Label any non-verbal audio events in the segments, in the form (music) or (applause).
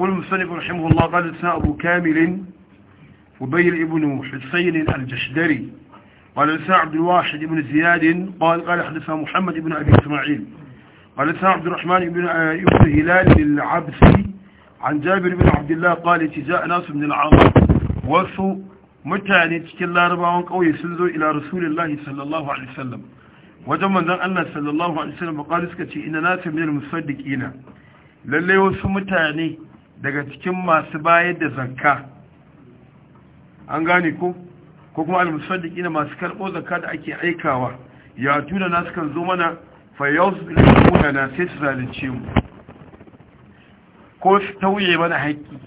يقول المسلم رحمه الله قال سنا أبو كامل وبير ابن حسين الجشدري قال سنا عبد الواحد ابن زياد قال قال حدثنا محمد ابن أبي إسماعيل قال سنا عبد الرحمن ابن آه، ابن هلال العبسي عن جابر بن عبد الله قال اتجاء ناس من العرب وصوا متى نتكلا ربعون قوي سنزوا إلى رسول الله صلى الله عليه وسلم وجمع ذا أن صلى الله عليه وسلم قال اسكتي إن ناس من المصدقين للي وصوا متى يعني daga cikin masu bayar da zakka an gane ko ko kuma al musaddiqin masu karbo zakka da ake aikawa ya tuna nasu kan zo mana fa yusbihuna na sai su zalunce mu ko su tauye mana haƙƙi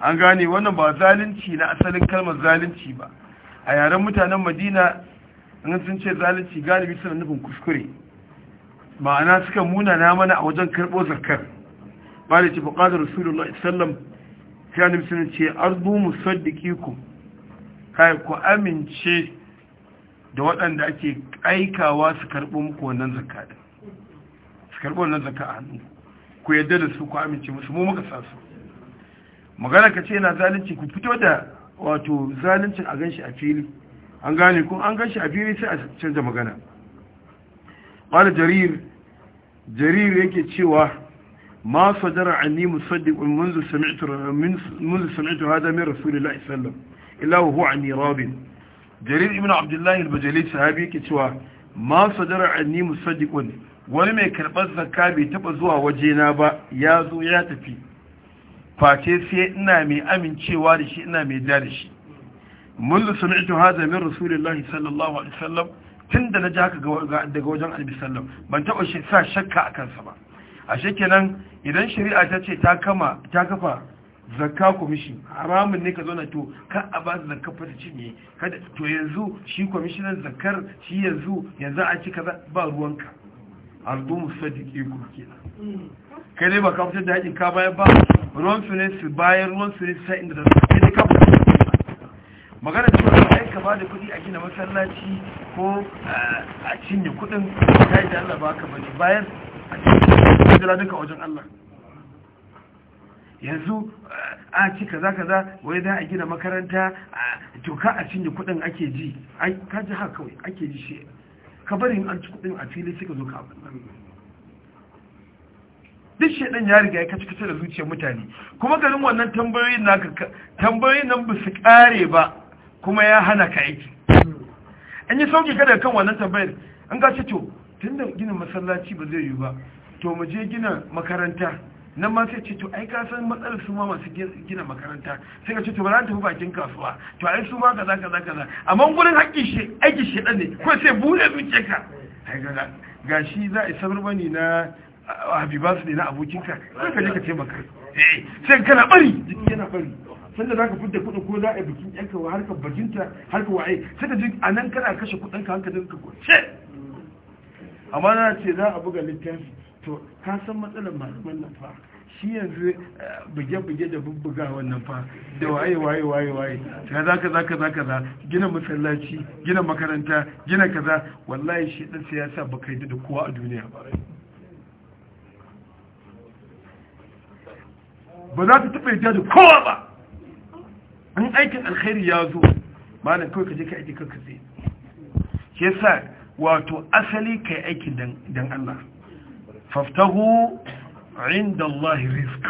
an gane wannan ba zalunci na asalin kalmar zalunci ba a yaren mutanen Madina in sun ce zalunci galibi suna nufin kuskure ma'ana suka muna na mana a wajen karɓo zakkar ƙwale ce faƙadar rasulullah sallam sai annabi sun ce ardu musaddiqikum kai ku amince da waɗanda ake aikawa su karɓo muku wannan zakka su karɓo wannan zakka hannu ku yadda da su ku amince musu mu muka sa su magana ka ce na zalunci ku fito da wato zaluncin a ganshi a fili an gane ku, an ganshi a fili sai a canza magana qala jarir jarir yake cewa ما صدر عني مصدق منذ سمعت منذ سمعت هذا من رسول الله صلى الله عليه وسلم إلا وهو عني راض جرير ابن عبد الله البجلي صحابي كتوا ما صدر عني مصدق wani mai karɓar zakka bai taɓa zuwa wajena ba ya zo ya tafi face sai ina mai amincewa da shi ina mai da shi منذ سمعت هذا من رسول الله صلى الله عليه وسلم tun da na ji haka daga wajen albi sallam ban taɓa sa shakka a kansa ba ashe kenan idan shari'a ta ce ta kama ta kafa zakka kwamishin haramun ne ka zo na to ka a ba zakka fata cinye kada to yanzu shi kwamishinan zakkar shi yanzu yanzu a ci kaza ba ruwanka ardumu sadiqi ku kenan kai dai ba ka fitar da haƙin ka bayar ba ruwan su ne su bayar ruwan su ne su sa'in da da su ne ka fitar magana cewa ai ka ba da kuɗi a gina masallaci ko eh, a cinye kuɗin ka yi da Allah ba ka bari bayar jira duka wajen Allah yanzu a ci kaza kaza wai za a gina makaranta to ka a cinye kudin ake ji ka ji haka kawai ake ji shi ka bari an ci kudin a fili suka zo ka duk shaidan ya riga ya kaci kaci da zuciyar mutane kuma garin wannan tambayoyin naka tambayoyin nan ba su kare ba kuma ya hana ka aiki an yi sauki kada kan wannan tambayar an ka ce to tun da ginin masallaci ba zai yi ba to mu je gina makaranta nan ma sai ce to ai ka san matsalar su ma masu gina makaranta sai ka ce to ba za ta fi bakin kasuwa to ai su ma kaza kaza kaza amma gurin haƙƙi shi aiki shi ne ko sai bude zuciya ka ai ga shi za a sabar bani na habiba su ne na abokinka sai ka je ka taimaka eh sai kana bari jiki yana bari sanda za ka fidda kuɗin ko za a yi bikin yanka wa harkar bajinta harkar waye sai ka ji a nan kana kashe kuɗinka hankalinka ko ce amma na ce za a buga littafi to ka san matsalar malaman nan fa shi yanzu eh, buge-buge da bubbuga wannan fa da waye waye waye waye ka za ka za ka za ka za gina masallaci gina makaranta gina kaza wallahi shi ɗan siyasa ba yi da kowa a duniya ba za ta taɓa yadda da kowa ba an aikin alkhairi ya zo ba na kawai ka je ka aiki kanka zai ke sa wato asali ka yi aikin dan Allah faftahu inda Allah rizq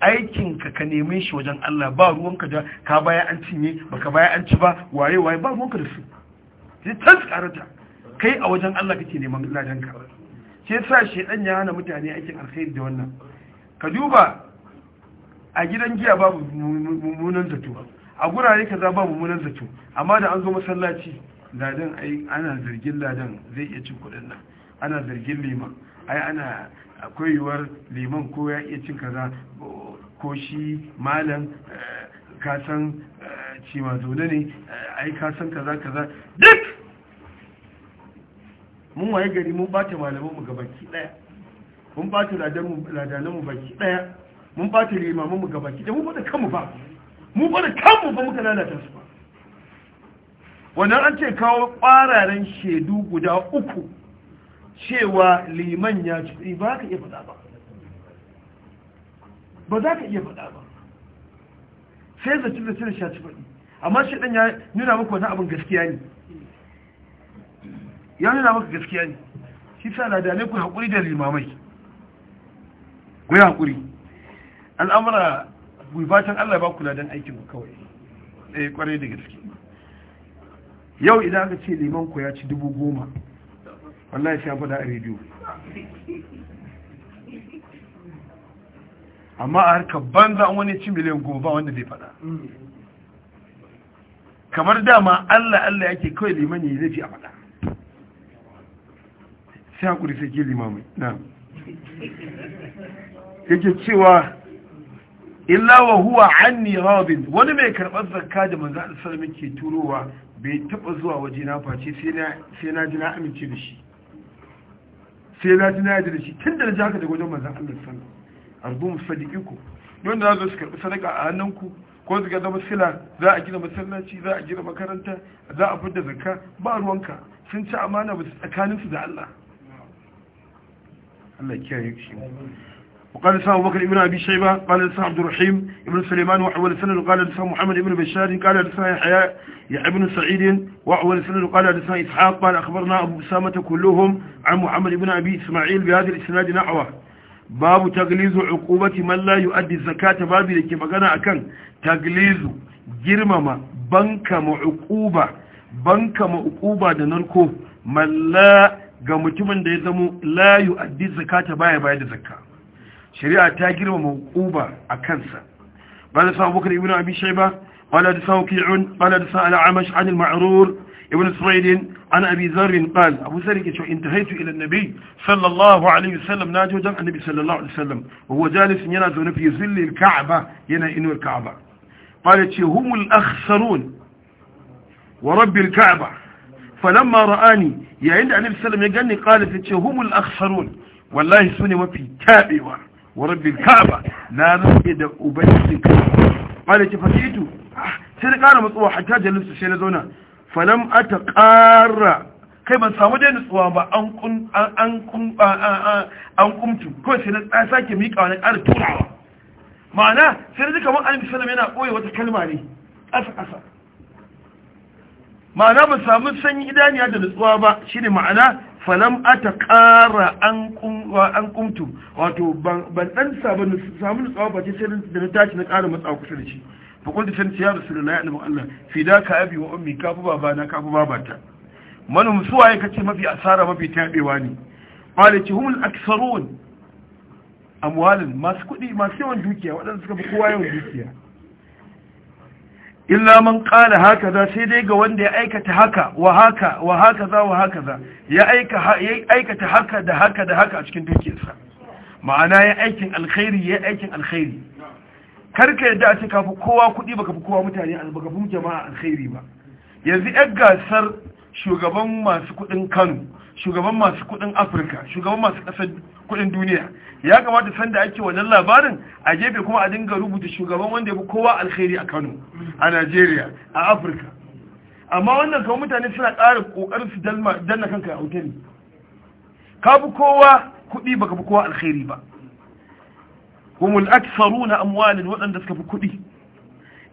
aikin ka ka neme shi wajen Allah ba ruwanka da ka baya an cinye baka baya an ci ba waye waye ba ruwanka da su sai tsarata kai a wajen Allah kake neman ladan ka sai sa dan ya hana mutane aikin alkhairi da wannan ka duba a gidan giya babu mummunan zato a gurare kaza babu mummunan zato amma da an zo masallaci ladan ai ana zargin ladan zai iya cin kudin nan ana zargin liman ai ana akwai yiwuwar liman ko ya iya cin kaza ko shi malam eh, kasan eh, cima zaune ne eh, ai kasan kaza kaza duk mun waye gari mun bata malamanmu ga baki daya mun bata ladananmu baki daya mun bata limamanmu ga baki daya mun bada kanmu ba mun bada kanmu ba muka lalata su ba wannan an ce kawo kwararen shaidu guda uku cewa liman ya ci kuɗi ba ka iya faɗa ba ba za ka iya faɗa ba sai zaci da cire shaci faɗi amma shi ɗan ya nuna maka wani abin gaskiya ne ya nuna maka gaskiya ne shi sa na dane ku haƙuri da limamai ku yi haƙuri al'amura gubatan allah ba kula don aikin ku kawai ɗaya eh, ƙwarai da gaske yau idan aka ce liman ku ya ci dubu goma wallahi sha faɗa a rediyo amma a harkar banza an wani ci miliyan goma ba wanda zai faɗa kamar dama allah allah yake kawai limani zai ce a faɗa sai hakuri sai ke limamai na yake cewa illa wa huwa anni radin wani mai karɓar zakka da manzan Allah ke turowa bai taɓa zuwa waje na face sai na sai na ji na amince da shi sai ya ji na yaji da shi tun da na ji haka daga wajen manzan Allah sallallahu arbu musadiqiku don da za su karɓi sadaka a hannunku ko su ga zama sila za a gina masallaci za a gina makaranta za a fidda zakka ba ruwanka sun ci amana ba tsakaninsu da Allah Allah kiyaye shi وقال لسان أبو بكر ابن أبي شيبة قال لسان عبد الرحيم ابن سليمان وحول سنة قال لسان محمد ابن بشار قال لسان يحيى ابن سعيد وحول سنة قال لسان إسحاق قال أخبرنا أبو أسامة كلهم عن محمد ابن أبي إسماعيل بهذا الإسناد نحوه babu taglizu uqubati man la yu'addi zakata babu da ke magana akan taglizu girmama banka ma uquba banka ma uquba da narko man la ga mutumin da ya zamo la yu'addi zakata baya bayar da zakka shari'a ta girmama uba a kansa ba da sa'a bukari ibn abishai ba ba da sa'a kiyun ba da sa'a al'amash anil ma'arur ibn suraidin an abi zarrin bal abu zarrin ke cewa intahaitu ila nabi sallallahu alaihi wasallam na jojan annabi sallallahu alaihi wasallam wa huwa jalisin yana zaune fi zilli ka'aba yana inuwar ka'aba ba da ce humul akhsarun wa rabbi ka'aba falamma ra'ani yayin da annabi sallallahu alaihi wasallam ya gani qala ce humul akhsarun wallahi sune mafi tabewa wa rabbil ka'aba na rantsa da ubangijin ka'aba qala ki fasitu ah, sai na kara matsuwa hatta su sai na zauna falam ata ƙara. kai ban samu dai nutsuwa ba an kun an kumtu ko sai na sake mika wani ƙara turawa ma'ana sai na ji kamar annabi sallallahu yana ɓoye wata kalma ne ƙasa ƙasa ma'ana ban samu sanyi idaniya da nutsuwa ba shi ne ma'ana falam ata ƙara an ƙumtu wato ban ɗan samu nutsawa ba ce sai da na tashi na ƙara matsawa kusa da shi fakulta sai ya rasu da laye annabin Allah fi da ka abi wa ummi kafu babana kafu ta manum suwa ka kace mafi asara mafi taɓewa ne ƙwale ce humul aksarun amwalin masu kuɗi masu yawan dukiya waɗanda suka fi kowa yawan dukiya illa man qala za, sai dai ga wanda ya aikata haka wa haka wa za wa haka za ya aikata haka da haka da haka a cikin dukiyarsa ma'ana ya aikin alkhairi ya aikin alkhairi karka yadda a ce kafi kowa kuɗi baka fi kowa mutane baka fi jama'a alkhairi ba yanzu yan gasar shugaban masu kuɗin Kano shugaban masu kudin afirka shugaban masu kasar kudin duniya ya kamata sanda ake wannan labarin a gefe kuma a dinga rubuta shugaban wanda ya fi kowa alkhairi a kano a najeriya a afirka amma wannan kawo mutane suna ƙara ƙoƙarin su danna kanka a hoteli ka fi kowa kuɗi baka fi kowa alkhairi ba humul aksaru na amwalin waɗanda suka fi kuɗi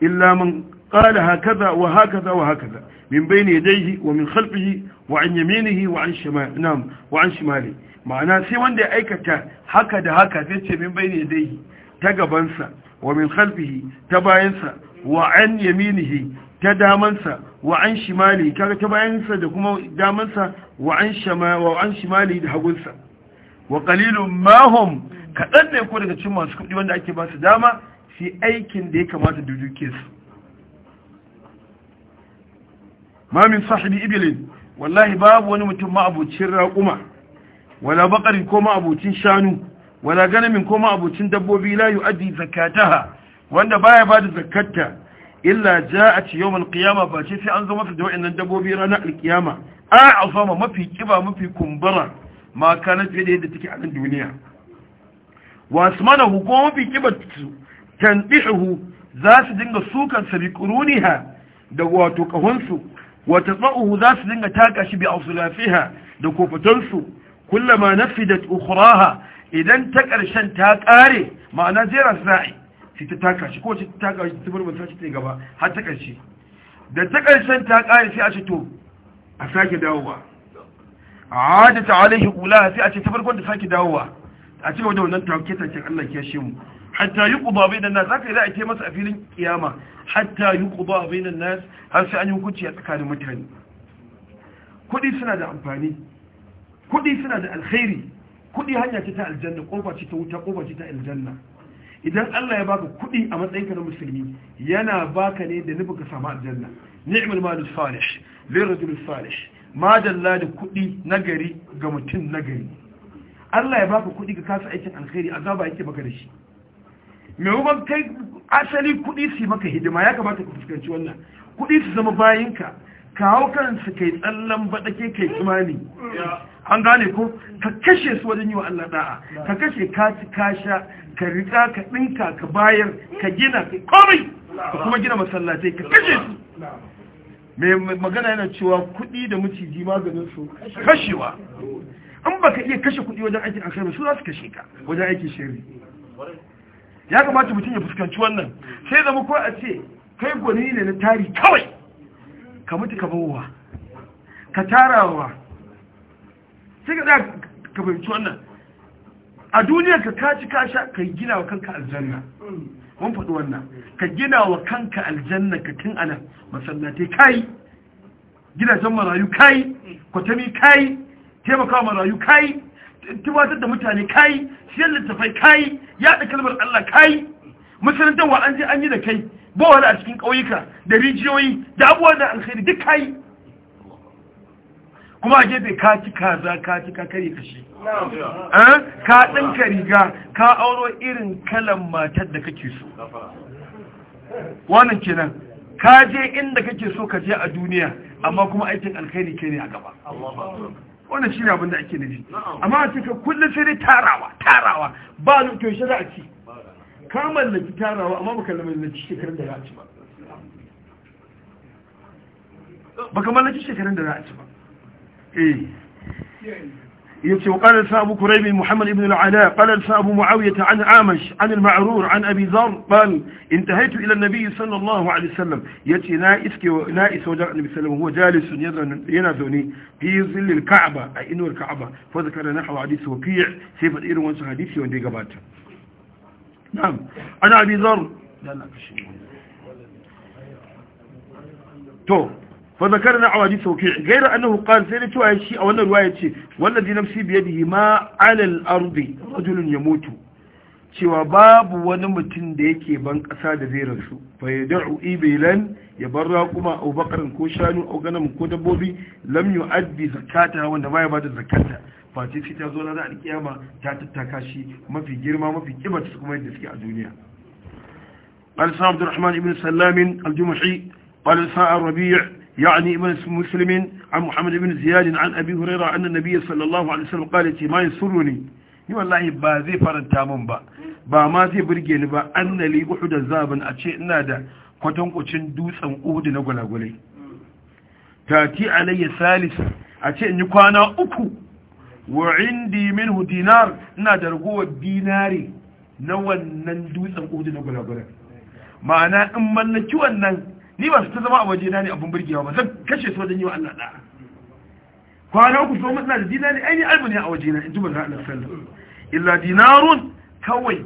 illa man قال هكذا وهكذا وهكذا من بين يديه ومن خلفه وعن يمينه وعن شمال نعم وعن شماله معناه سي wanda ya aikata haka da haka zai ce min bayni yadayhi ta gabansa wa min khalfihi ta bayansa wa an yaminihi ta damansa wa an shimali kaga ta bayansa da kuma damansa wa an shama wa an shimali da hagunsa wa qalilun ma kadan ne ko daga cikin masu kuɗi wanda ake basu dama su aikin da ya kamata da duke ma min sahibi ibilin wallahi babu wani mutum ma raƙuma wala bakari ko ma shanu wala ganamin ko ma dabbobi la yu'addi zakataha wanda baya bada zakatta illa ja'at yawm al-qiyama ba ce sai an zama masa da wayannan dabbobi ranar al-qiyama a azama mafi kiba mafi kumbura ma kana fiye da yadda take a nan duniya wa hu ko mafi kiba tanbihu za su dinga sukan sabiquruniha da wato kahonsu wata tsa'uhu za su dinga taka shi bi ausulafiha da kofatansu kullama nafidat ukhraha idan ta karshen ta kare ma'ana zira sa'i sai ta taka shi ko ta taka shi ta burbuta shi ta gaba har ta karshe da ta karshen ta kare sai a ce to a sake dawowa a alaihi ulaha sai a ce ta farkon da sake dawowa a cikin wajen wannan tawakketar Allah ke shi mu hatta yuqda bainan nas haka za a ce masa a filin kiyama hatta yuqda bainan nas har sai an yi hukunci a tsakanin mutane kudi suna da amfani kudi suna da alkhairi kudi hanya ce ta aljanna kofa ce ta wuta kofa ce ta aljanna idan Allah ya baka kudi a matsayinka na musulmi yana baka ne da nufin ka samu aljanna ni'mal malus salih lirajul salih madalla da kudi nagari ga mutum nagari Allah ya baka kudi ka kasa aikin alkhairi azaba yake baka da shi maimakon kai asali kuɗi su maka hidima ya kamata ku fuskanci wannan kuɗi su zama bayinka kawo kansu kai tsallan baɗake kai imani an gane ko ka kashe su wajen yi wa Allah da'a ka kashe ka ci ka ka rika ka ɗinka ka bayar ka gina ka komai ka kuma gina masallatai ka kashe su mai magana yana cewa kuɗi da maciji maganin su kashewa in baka iya kashe kuɗi wajen aikin alkhairi su za su kashe ka wajen aikin shari'a ya kamata mutum ya fuskanci wannan sai zama ko a ce kai gwani ne na tari kawai ka mutu ka bawa ka tarawa sai ka za ka fahimci wannan a duniya ka kaci kasha ka gina wa kanka aljanna mun faɗi wannan ka gina wa kanka aljanna ka tun anan masallatai kayi gidajen marayu kai, kwatami kai, taimaka marayu kai. tubatar da mutane kai siyar littafai kai yaɗa kalmar Allah kai musulunta wa an je an yi da kai ba wani a cikin ƙauyuka da rijiyoyi da abubuwan da alkhairi duk kai kuma a gefe ka ci kaza ka ci ka kare kashi eh? ka ka riga ka auro irin kalan matar da kake so wannan kenan ka je inda kake so ka je a duniya amma kuma aikin alkhairi ke ne a gaba wannan shi ne abin da ake nufi amma a cikin kullum sai dai tarawa tarawa ba a to shi za a ci ka mallaki tarawa amma baka mallaki shekarun da za a ci ba baka mallaki shekarun da za a ci ba eh يكتب قال الفاء أبو كريم محمد بن العلاء قال الفاء أبو معاوية عن عامش عن المعرور عن أبي ذر قال انتهيت إلى النبي صلى الله عليه وسلم يأتي نائس نائس وجاء النبي صلى الله عليه وسلم وهو جالس يناثني في ظل الكعبة أي إنه الكعبة فذكر نحو حديث وكيع سيف الإير وانس حديثي واندي قبات نعم أنا أبي ذر لا لا تو fa na awadi sauki gaira annahu qal sai da cewa shi a wannan ruwa yace wallazi nafsi bi yadihi ma alal ardi rajulun yamutu cewa babu wani mutum da yake ban kasa da zai rasu a yad'u ibilan ya barra kuma au ko shanu au ganam ko dabbobi lam yu'addi zakata wanda baya bada zakata face sai ta zo na alkiyama ta tattaka shi mafi girma mafi kibarta kuma yadda suke a duniya قال سعد الرحمن بن سلام الجمحي قال سعد الربيع يعني ابن مسلم عن محمد بن زياد عن أبي هريرة أن النبي صلى الله عليه وسلم قال ما يسرني ni wallahi ba zai faranta min ba ba ma zai burge ni ba annali da zabin a ce ina da kwatankwacin dutsen uhud na gwalagwalai tati alayya salis a ce in yi kwana uku wa indi minhu dinar ina da ragowar dinari na wannan dutsen uhud na gwalagwalai ma'ana in mallaki wannan ni ba su ta zama a waje na ne abin burgewa ba zan kashe su wajen yi wa Allah da'a kwana uku so mutuna da dinari ai ni albu ne a waje na in ji manzo Allah sallar. illa dinarun kawai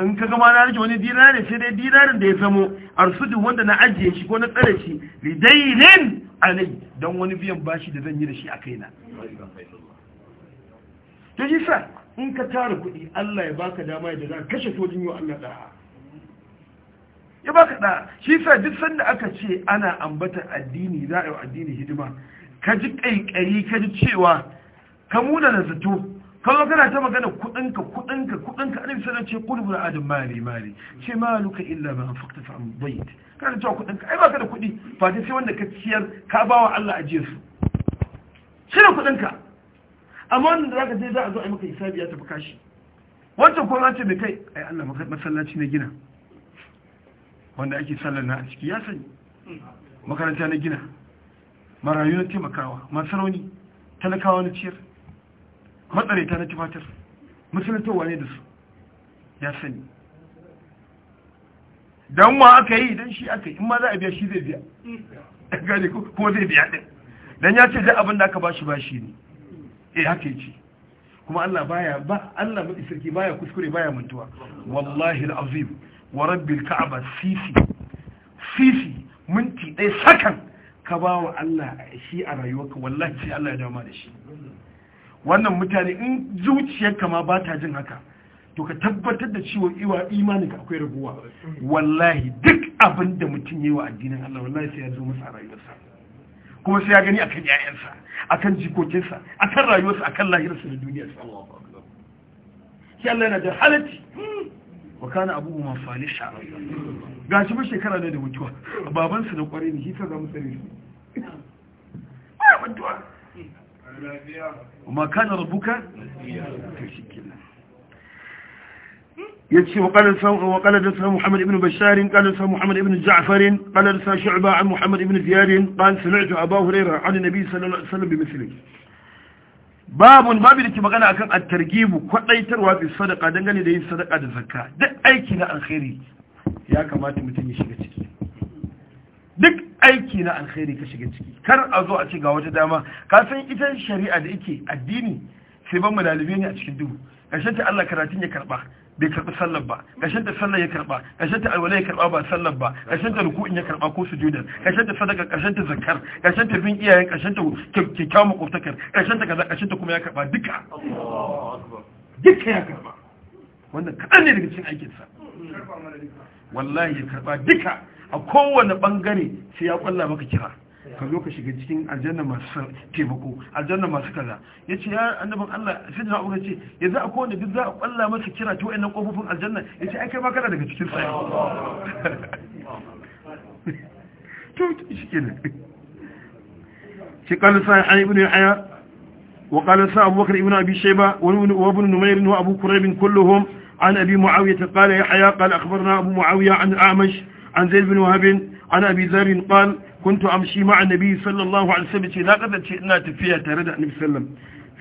in ka gama na rike wani dinari sai dai dinarin da ya zamo arsudu wanda na ajiye shi ko na tsare shi lidainin alai don wani biyan bashi da zan yi da shi a kaina to shi sa in ka tara kuɗi Allah ya baka dama da za ka kashe sojin yi wa Allah da'a ya baka ɗaya. shi sa duk sanda aka ce ana ambata addini za a yi addini hidima ka ji ƙaiƙayi, ka ji cewa ka muna na zato kawo kana ta magana kuɗinka. kuɗinka kuɗinka annabi sallallahu ce kulubu na adam mari mari ce maluka illa fakta anfaqta bai ka kana cewa kuɗinka. ai baka da ba ta sai wanda ka ciyar ka bawa Allah ajiye su shine kuɗinka amma wanda zaka je za a zo a maka hisabi ya tafi kashi wancan kuma ce mai kai ai Allah masallaci na gina wanda ake sallar na a ciki ya sani makaranta na gina marayu na taimakawa masu rauni talakawa na ciyar matsaraita na tufatar musuluntowa ne da su ya sani don ma aka yi don shi aka yi in ma za a biya shi zai biya (laughs) gane kuma zai biya ɗin don ya ce zai abin da aka ba shi ba shi ne E, haka yi ce kuma Allah baya ba Allah maɗi sarki baya kuskure baya mantuwa wallahi al'azim wa rabbil ka'aba sisi sisi minti ɗaya sakan ka ba wa Allah shi a rayuwarka wallahi sai Allah ya dama da shi wannan mutane in zuciyarka ma ba ta jin haka to ka tabbatar da ciwon iwa imani ka akwai raguwa wallahi duk abin da mutum yi wa addinin Allah wallahi sai ya zo masa rayuwarsa kuma sai ya gani akan yayansa akan jikokinsa akan rayuwarsa akan lahirarsa da duniyarsa Allah sai Allah yana da halatti wa kana abu umar fali sha'ararra ga shi shekara ne da mutuwa babansu da kwarai shi ta zama tsare su ba mutuwa ma kana rabuka ta shi kenan يتشي وقال وقال لسنا محمد بن بشار قال لسنا محمد بن جعفر قال لسنا شعبة عن محمد بن زياد قال سمعت أبا هريرة عن النبي صلى babun babu da ke magana akan at-targhibu kwadaitarwa bi sadaqa dangane da yin sadaqa da zakka duk aiki na alkhairi ya kamata mutum ya shiga ciki duk aiki na alkhairi ka shiga ciki kar a zo a ce ga wata dama ka san ita shari'a da yake addini sai ban mu ne a cikin duhu Ƙarshen ta Allah karatun ya karba bai karɓi sallar ba ƙashin da sallar ya karɓa ƙashin da alwala ya karɓa ba sallar ba ƙashin da ruku'in ya karɓa ko su judan ƙashin da sadaka ƙashin da zakar ƙashin da bin iyayen ƙashin da kyakkyawan makwabtakar ƙashin da kaza ƙashin da kuma ya karɓa duka duka ya karɓa wannan kaɗan ne daga cikin aikinsa wallahi ya karɓa duka a kowane ɓangare sai ya ƙwalla maka kira ka zo ka shiga cikin aljanna masu taimako aljanna masu kaza ya ce ya annabin Allah sai da abubuwa ce ya za a kowane duk za a kwalla masa kira ta wa'annan kofofin aljanna ya ce kai aikai makana daga cikin tsaye (laughs) to shi ke nan shi kalin sa'an an ibn yahya wa kalin sa'an abubakar ibn abi shayba wa ibn numayr wa abu kurayb kulluhum عن أبي معاوية ya يحيى قال أخبرنا أبو معاوية عن أعمش عن زيد بن وهب عن أبي zarin قال kuntu amshi ma'a nabi sallallahu alaihi wasallam ce na kasance ina tafiya tare da annabi sallam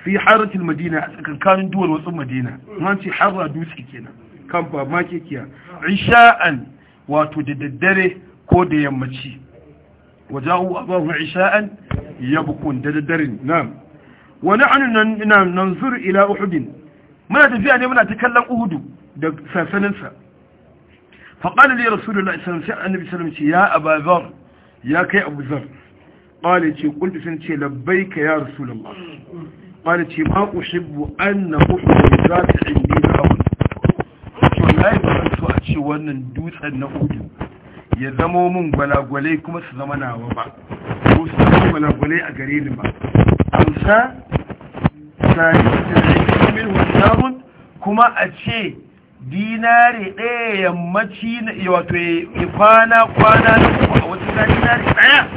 fi haratil madina a tsakankanin duwar watsin madina man ce harra dutse kenan kan ba ma kekiya isha'an wato da daddare ko da yammaci wajahu abahu isha'an yabkun da daddare na'am wa na'anu nan nanzur ila uhud muna tafiya ne muna ta kallon uhud da sasaninsa fa qala li rasulullahi sallallahu alaihi wasallam ya abazar ya kai abu zar ƙwale ce ƙuntu sun ce labbai ka ya rasu da ƙwale ce ma ku an na za ta inda da abu to na yi su a ce wannan dutsen na hudu ya zama min gwalagwale kuma su zama nawa ba ko su zama gwalagwale a gare ni ba amsa sa yi kuma a ce dinari ɗaya yammaci na wato ya kwana kwana na kuma a wata na dinari ɗaya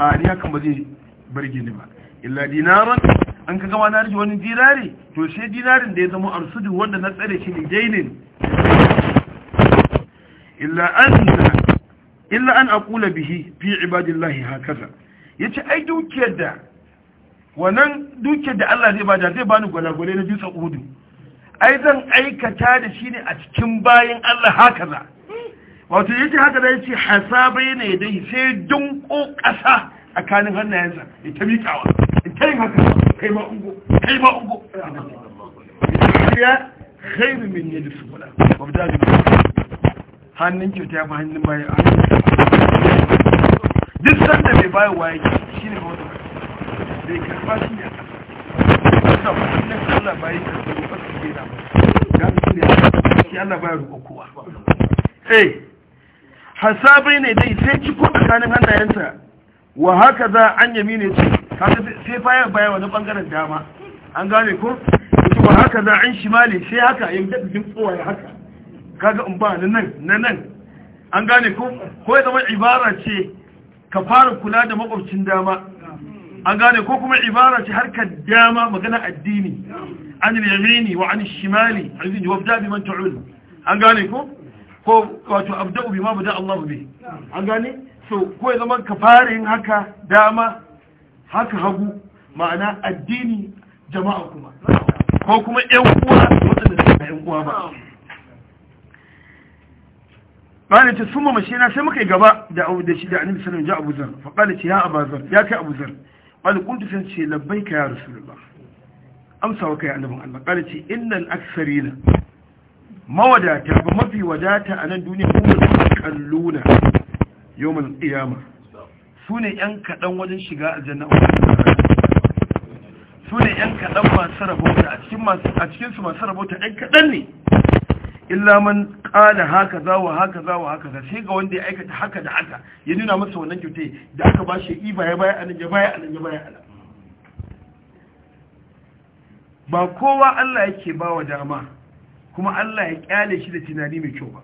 a ni hakan ba zai bar ni ba illa dinaran an ka gama na rage wani dinari to sai dinarin da ya zama arsudu wanda na tsare shi ne dainin illa an illa an akula bihi fi ibadillahi hakaza ce ai dukiyar da wannan dukiyar da Allah zai bada zai bani gwalagwale na dutsen udu ai zan aikata da shi ne a cikin bayan Allah haka za wato yake haka da yake hasabai ne dai sai dunko ƙasa a kanin hannayensa ya ta miƙawa kai yin haka kai ma ungo kai ma ungo ya khairu min yadi su wabda hannun kyauta ya fi hannun bayan duk sanda mai bayan waye shi ne mawata bai karfa shi ne a ƙasa. Allah bayan karfa Eh, hasabai ne dai sai ci ko tsakanin hannayensa wa haka za an yami ne ce sai baya baya wani bangaren dama an gane ko wa haka za an shimali sai haka yin da jin kowa haka kaga in ba na nan na nan an gane ko ko ya zama ibara ce ka fara kula da makwabcin dama an gane ko kuma ibara ce harkar dama magana addini an al-yamini wa an al-shimali azin wabda bi man ta'ul an gane ko ko wato abda'u bima bada Allah bi an gane so ko ya zama ka fara yin haka dama haka hagu ma'ana addini jama'a kuma ko kuma ƴan uwa wadanda suka ƴan uwa ba Bani ta قالت ثم مشينا سمك gaba da Abu da shi da Annabi sallallahu alaihi wasallam ja Abu Zar fa qalat ya Abu ya kai Abu Zar قال قلت فين لبيك يا رسول الله amsa wa kai annabin Allah kala ce innal aksarina mawadata ba mafi wadata a nan duniya ko da kalluna yawmal qiyama sune yan kaɗan wajen shiga aljanna sune yan kaɗan masu rabota a cikin masu a cikin su masu rabota yan kaɗan ne illa man qala haka za wa haka za wa haka sai ga wanda ya aikata haka da haka ya nuna masa wannan kyautai da aka bashi iba ya baya annabi ya baya annabi ya baya anan ba kowa Allah yake ba wa dama kuma Allah ya kyale shi da tunani mai kyau ba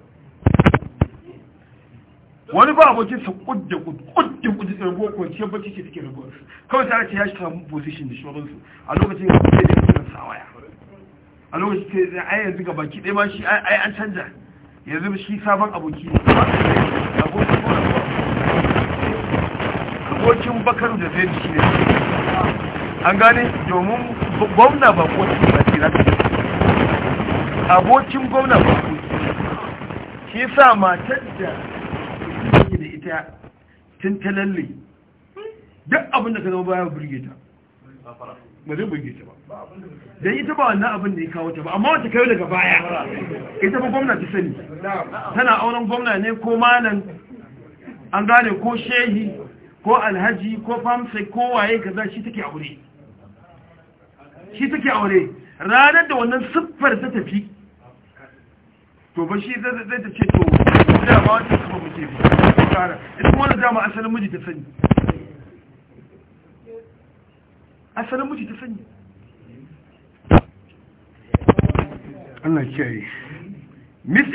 wani ba abokin sa kudda kudda kudda rago ko ce bacci ce take rago kawai sai ce ya samun position da shorin su a lokacin da ke da sunan sawaya a lokacin sai ai yanzu ga baki dai ma shi ai an canja yanzu shi sabon aboki ne abokin bakar da zai shi ne an gane domin gwamna ba ko cikin ba ce za abokin gwamna ba ko shi sa matar da suke da ita tun talalle duk abin da ka zama baya burge ta ba zai burge ta ba don ita ba wannan abin da ya kawo ta ba amma wata kayo daga baya ita ba gwamna ta sani tana auren gwamna ne ko malam an gane ko shehi ko alhaji ko famsa ko waye ka za shi take aure shi take aure ranar da wannan siffar ta tafi to ba shi zai ta ce to da ba wata kafa muke ba kara ita kuma wannan dama asalin miji ta sani asalin miji ta sani Allah kiyaye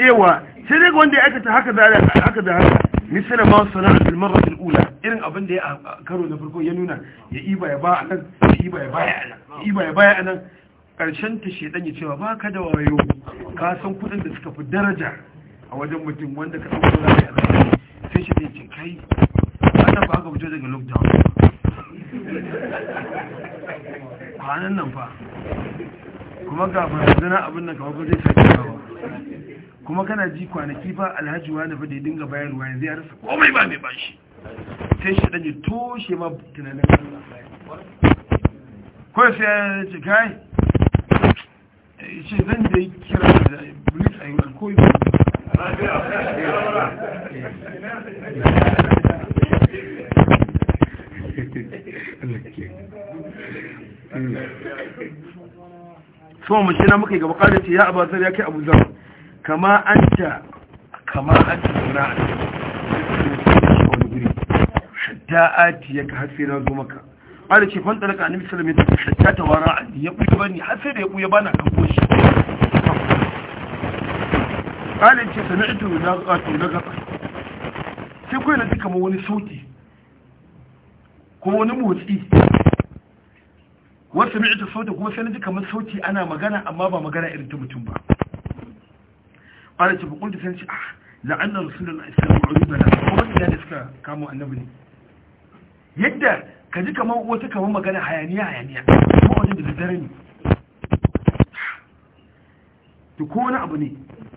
Ewa sai dai wanda ya aikata haka da haka da haka misal ma sanar fil marra fil ula irin abin da ya karo na farko ya nuna ya iba ya ba anan ya iba ya baya anan ya iba ya baya anan karshen ta ya cewa baka da wayo ka san kudin da suka fi daraja a wajen mutum wanda ka dauko za ka yi sai shi ne ce kai ana ba ka fito daga lockdown kwanan nan fa kuma ga barazana abin nan kawai zai sake kawo kuma kana ji kwanaki fa alhaji wani fa da ya dinga bayarwa yanzu ya rasa komai ba mai bashi sai shi ɗan toshe ma tunanin kawai sai ya ce kai ce zan da kira da iblis a yi alkoyi ba (laughs) (laughs) (laughs) so mu shi na muka gaba ƙarar ce ya abu ya kai abu zar kama an anta kama anta zura'an wani guri hatta ati ya ka hafi na zo maka ƙwada ce fan tsaraka annabi sallam ya tafi hatta ta wara a ya ɓuya bani har sai da ya ɓuya bana kan koshi ƙwada ce sana'atu na ƙato na gaba sai kawai na kama wani sauti ko wani motsi wasu mai ita sauti kuma sai na ji kamar sauti ana magana amma ba magana irin ta mutum ba قال ce fakulta sun ce ah la'anna rasulullah sallallahu alaihi na kuma ina da suka kamo annabi ne yadda ka ji kamar wata kamar magana hayaniya hayaniya kuma wajen da dare ne to ko wani abu ne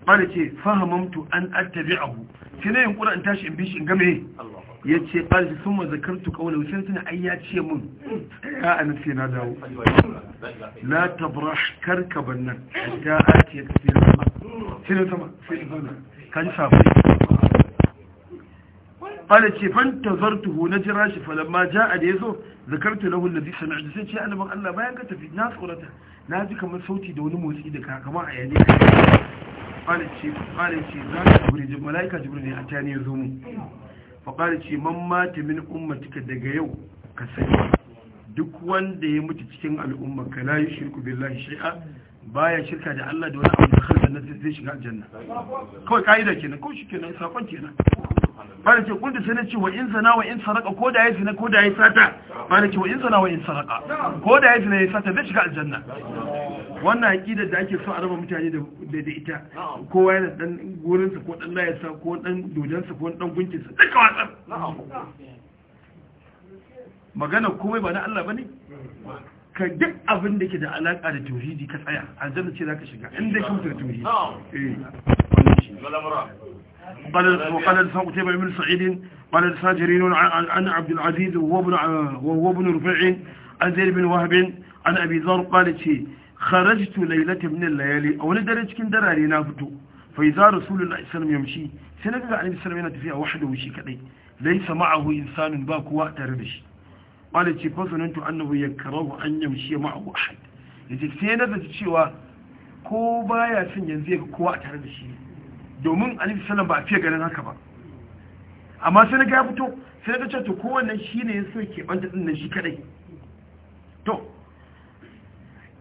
ƙwada ce fahimamtu an abu sai na yunkura in tashi in bi shi in game ya ce ƙarfi sun mazakartu ƙaunar wucin suna ai ya ce mun ya a nufi na dawo la tabra karka bannan ta ake tafiya sama sai na sama sai na sama kan shafi ƙada ce fanta zartuhu na jira shi falamma ja a da ya zo zakartu lahun da zisa na sai ce annabin allah bayan ka tafi na tsorata na ji kamar sauti da wani motsi da kakama a yane ƙada ce ƙada ce za ka jibirin mala'ika jibirin ne a ta ne ya zo mu faƙari ce man mata min ummatika daga yau ka sani duk wanda ya mutu cikin al'umma ka la yi shirku billahi shay'a baya shirka da Allah da wani abu da khalqan nan zai shiga aljanna kawai kaida kenan ko kenan, sakon kenan bada ce kun da sai ce wa in zina wa in saraka ko da ya zina ko da yayi sata bada ce wa in zina wa in saraka ko da ya zina yayi sata zai shiga aljanna wannan aƙida da ake so a raba mutane da ita kowa yana dan gurinsa ko dan layarsa ko dan dodansa ko dan gunkinsa duka watsar magana komai ba na Allah ba ne ka duk abin da ke da alaƙa da tauhidi ka tsaya aljanna ce za ka shiga in dai kuma tauhidi قال وقال لسان قتيبة بن سعيد قال لسان جرير عن عبد العزيز وهو ابن رفيع عن زيد بن وهب عن أبي ذر قال شيء kharajtu laylatan min al-layali a wani dare cikin darare na fito fa iza rasulullahi sallallahu yamshi sai naga annabi sallallahu yana tafiya wahdahu shi kadai laysa ma'ahu insanun ba kowa tare da shi qala ce fa sanantu annahu yakrahu an yamshi ma'ahu ahad yace sai na zaci cewa ko baya son yanzu ya kowa a tare da shi domin annabi sallallahu ba a fiye ganin haka ba amma sai na ya fito sai na naga cewa to kowanne shine yaso ke banta din nan shi kadai to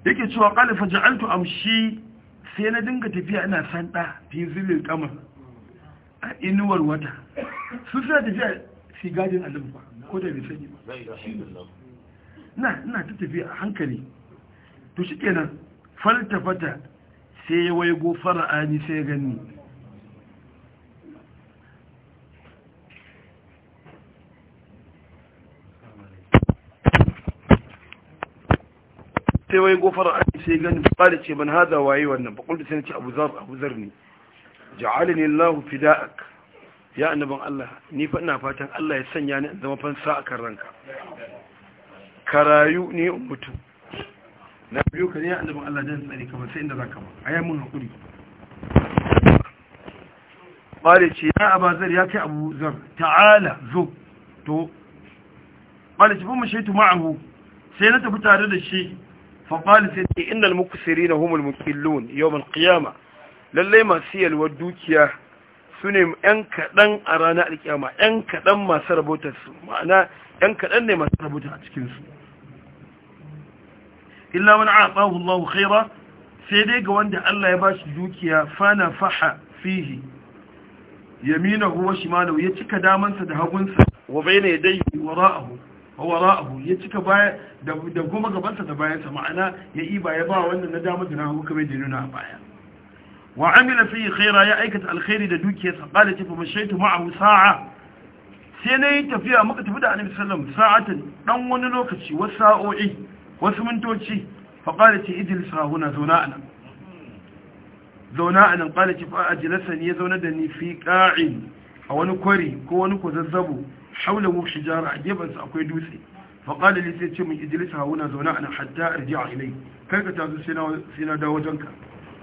yake cewa ƙalifa ja'altu amshi sai na dinga tafiya ina sanda fi zilil kamar a inuwar wata su suna tafiya fi gadin alamfa ko da bisani ba na ina ta tafiya a hankali to shi kenan faltafata sai ya waigo fara'ani sai ya gani sai wai gofar an sai gani bada ce ban hada waye wannan bakulta sai ce abu zar abu zar ne ja'alani Allahu fida'ak ya annaban Allah ni fa ina fatan Allah ya sanya ni zama fansa a kan ranka karayu ne in mutu na biyo ka ne ya annaban Allah dan tsare kamar sai inda zaka ba aya mun hakuri bare ce ya abazar ya kai abu zar ta'ala zo to bare ce ba mu shaitu ma'ahu sai na tafi tare da shi faƙali sai ce inda mukusiri na humul mukillun yau mal ƙiyama lallai masu yalwar dukiya su ne ‘yan kaɗan a ranar alƙiyama ‘yan kaɗan masu rabotarsu ma'ana ‘yan kaɗan ne masu rabota a cikinsu illa wani a ɓahu Allah khaira sai dai ga wanda Allah ya ba shi dukiya fana faha fihi yamina ruwa shimalahu ya cika damansa da hagunsa wa bayna yadayhi wara'ahu wawara abu ya cika baya da goma gabansa da bayansa ma'ana ya yi ya ba wannan na damar da na mai kamar da nuna a baya wa amila fi khaira ya aikata alkhairi da dukiyarsa qala ta famashaitu ma'ahu sa'a sai na yi tafiya muka tafi da annabi sallam sa'atan dan wani lokaci wasu sa'o'i wasu mintoci fa qala ta idil sahuna zauna anan zauna anan qala ta fa ajlasani ya zauna da ni fi qa'in a wani kwari ko wani kwazazzabo haulahu hijara a gefansa akwai dutse faƙali ne sai ce min ijilisa hauna zaune a nan hatta arji'a ilai kai ka tazo sai na dawo wajenka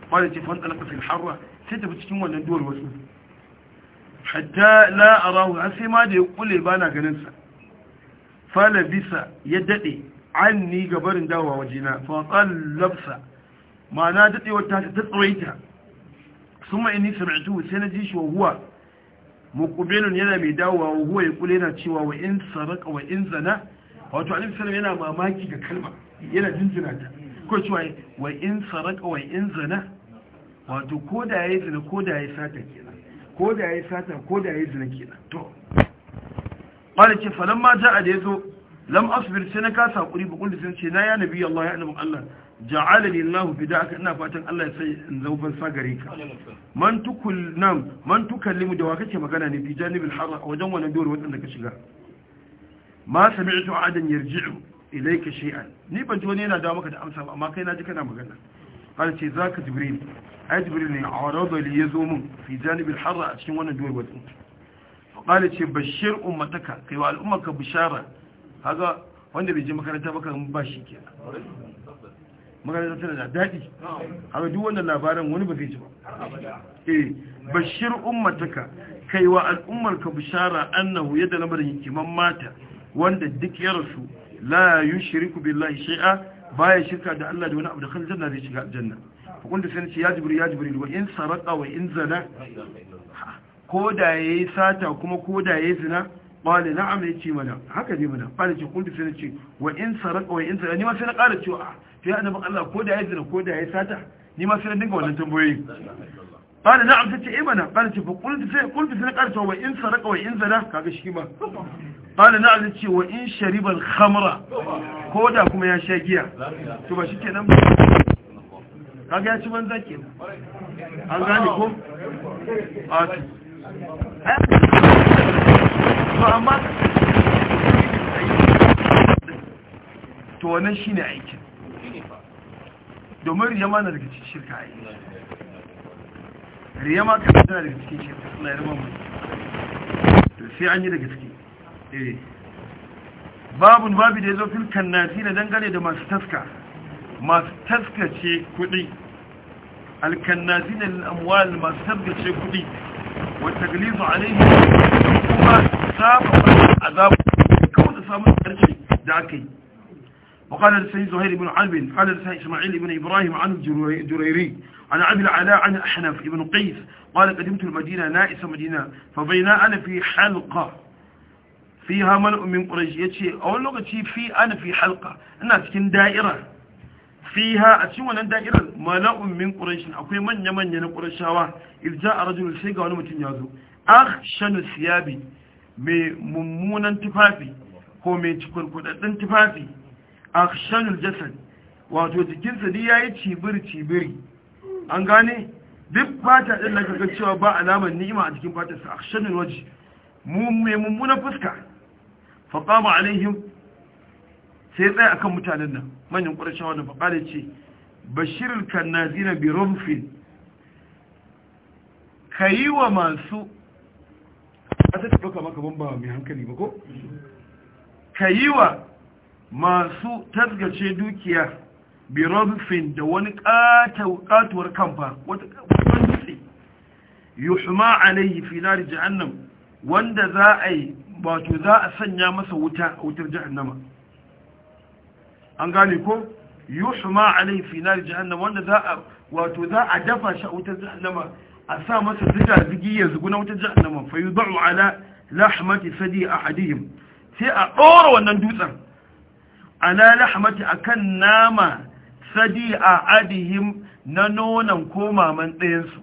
ƙwada ce fan ɗalaka fil harwa sai tafi cikin wannan duwar wasu hatta la arahu har sai ma da ya kule ba na ganin sa fala bisa ya daɗe an ni gabarin dawowa wajena faƙal lafsa ma na daɗewar ta ta tsawaita sun ma'ini sami'atu sai na ji shi wa huwa muqbilun yana mai dawowa huwa ya yaqul yana cewa wa in sarqa wa in zana wato annabi sallallahu yana mamaki ga kalma yana jinjina ta ko cewa wa in sarqa wa in zana wato koda yayi zina koda yayi sata kenan ko yayi sata koda yayi zina kenan to qala ce falamma ja'a da yazo lam asbir sai na kasa hakuri ba kullu sai ce na ya nabi Allah ya annabi Allah ja'alani Allah bida'aka ina fatan Allah ya sai in zauban sagare ka man tukul nam man tukallimu da wa kake magana ne fi janibil harra a wajen wannan dole da ka shiga ma sami'tu adan yarji'u ilayka shay'an ni ban ji wani yana dawo maka da amsa ba amma kai naji kana magana قال شيء ذاك جبريل أي جبريل عرض لي يزوم في wannan الحر أشين وانا دور وزن فقال شيء بشر أمتك كيوال أمك بشارة هذا وانا بيجي مكانتها ba shi kenan. magana tana da daɗi amma duk wannan labarin wani ba zai ji ba eh bashir ummataka kai wa ka bishara annahu yadda lamarin kiman mata wanda duk ya rasu la yushriku billahi shay'a baya shirka da Allah da wani abu da kan janna zai shiga janna. fa kun da sai ce ya jibril ya jibril wa in sarqa wa in zana ko da yayi sata kuma ko da yayi zina qala na'am yace mana haka ne mana qala ce kun da sai ce wa in sarqa wa in zana ni ma sai na ƙara cewa sai annabin Allah ko da ya zina ko da ya sata ni ma sai dinga wannan tambayoyi bada na'am tace eh bana bada ce fa kullu sai kullu sai karta wa in saraka wa in zana kaga shi ma bada na'am tace wa in shariba al-khamra ko da kuma ya sha giya to ba shikenan ba kaga ya ci ban kenan an gane ko a to amma to wannan shine aikin domin riyama na daga cikin shirka a yi riya riyama ka tana daga cikin shirka suna yi rama to sai an yi daga ciki eh. babin babi da ya zo fil kannasi na dangane da masu taska masu taskace kuɗi alkannasi na al'amwal masu taskace kuɗi wata galizu alaihi kuma saba azabu kawai da samun karshe da aka yi وقال السيد زهير بن علب قال السيد إسماعيل بن إبراهيم عن الجريري عن عبد العلاء عن أحنف بن قيس قال قدمت المدينة نائس مدينة فبين أنا في حلقة فيها ملء من قريش يتشي أول لغة في أنا في حلقة أنا تكن دائرة فيها أتشون أن دائرة ملء من قريش أكوي من يمن ينا قريشاوة إذ جاء رجل سيقى ونمتن يازو أخشن الثيابي mai mummunan tufafi ko mai cikurkudaddin tufafi akshanul jasad wato jikinsa ne ya yi cibiri-cibiri an gane duk fata ɗin da kaga cewa ba alamar ni'ima a jikin fatarsa akshanul waje mai mummunan fuska faƙama alaihim sai tsaye akan mutanen nan manyan ƙwarashen wanda faƙa ce bashirin kan nazina bi rumfin ka yi wa masu a ta taɓa kama kaman ba mai hankali ba ko ka yi wa masu tasgace dukiya bi rabfin da wani katuwar kamfa wata kamfan yi yuhma alaihi fi nari jahannam wanda za a yi wato za a sanya masa wuta a wutar jahannama an gane ko yuhma alaihi fi nari jahannam wanda za a wato za a dafa shi a wutar jahannama a sa masa ziga zigi ya zugu na wutar jahannama fa yudau ala lahmati sadi ahadihim sai a ɗora wannan dutsen ala lahmati akan nama sadi'a adihim na nonon ko maman ɗayansu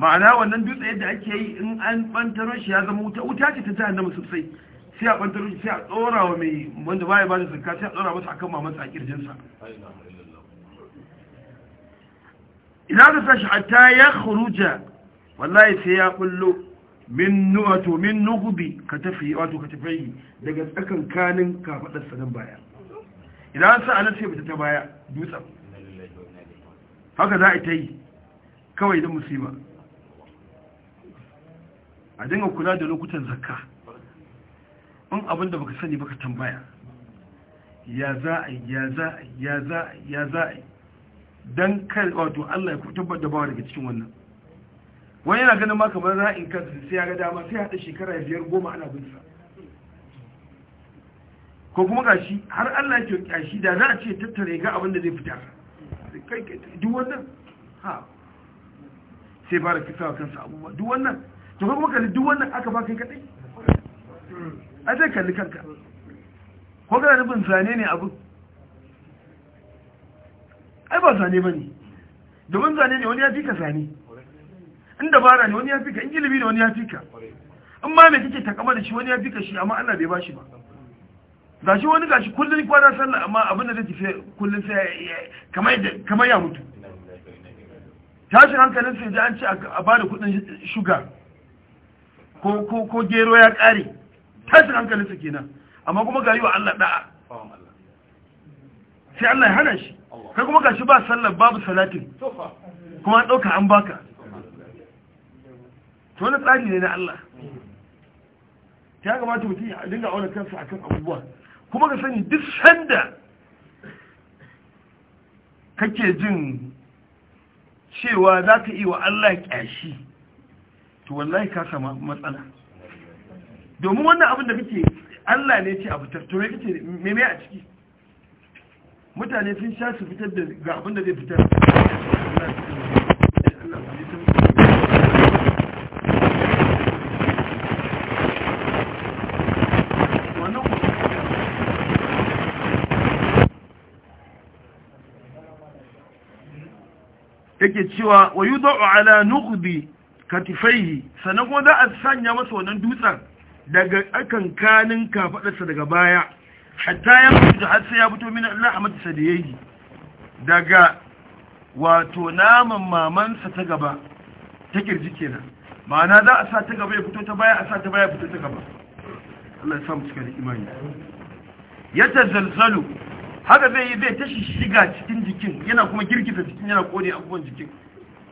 ma'ana wannan dutse yadda ake yi in an bantaro shi ya zama wuta wuta ce ta jahannama sosai sai a bantaro shi sai a tsora wa mai wanda baya ba da zakka sai a tsora masa akan maman sa kirjin sa ina da sashi hatta ya khuruja wallahi sai ya kullu min wato min nuhudi ka tafi wato ka tafi daga tsakan kanin kafadar sa baya idan sa anan sai bata ta baya dutsen haka za a ta yi kawai da musiba a dinga kula da lokutan zakka in abin da baka sani baka tambaya ya za a ya za ya za ya za a dan kar wato Allah ya kubutar da bawa daga cikin wannan wani yana ganin ma kamar ra'in kansa sai ya ga dama sai haɗa shekara biyar goma ana bin sa ko kuma gashi har Allah ya ke shi da za a ce tattare ga abin da zai fitar kai duk wannan ha sai fara wa kansa abubuwa duk wannan to kuma kalli duk wannan aka ba kai kadai a zai kalli kanka ko ga rubin zane ne abu? ai ba zane ba ne domin zane ne wani ya fi ka zane in dabara ne wani ya fika in ilimi ne wani ya fika in ma mai kake takama da shi wani ya fika shi amma Allah bai ba shi ba gashi wani gashi kullun kwana sallah amma abin da zai tafi kullun sai kamar kamar ya mutu tashin hankalin sai ji an ce a ba da kudin shuga ko ko ko gero ya kare tashin hankalin sa kenan amma kuma ga yiwa Allah da'a sai Allah ya hana shi kai kuma ga shi ba sallar babu salatin kuma an dauka an baka to wani tsari ne na Allah ya kamata mutum ya dinga auna kansa akan abubuwa kuma ka sani duk sanda kake jin cewa za ka yi wa Allah ƙyashi to wallahi ka sama matsala domin wannan abin da kake Allah ne ce abu tattore kake meme a ciki mutane sun sha su fitar da ga abin da zai fitar yake cewa wa yudau ala nuqdi katifaihi sannan kuma za a sanya masa wannan dutsen daga akan kanin kafadarsa daga baya hatta ya mutu har sai ya fito min Allah ya sadiyayi daga wato naman mamansa ta gaba ta kirji kenan ma'ana za a sa ta gaba ya fito ta baya a sa ta baya ya fito ta gaba Allah ya samu cika da imani ya zalzalu haka zai yi zai ta shiga cikin jikin yana kuma girgiza jikin yana kone abubuwan jikin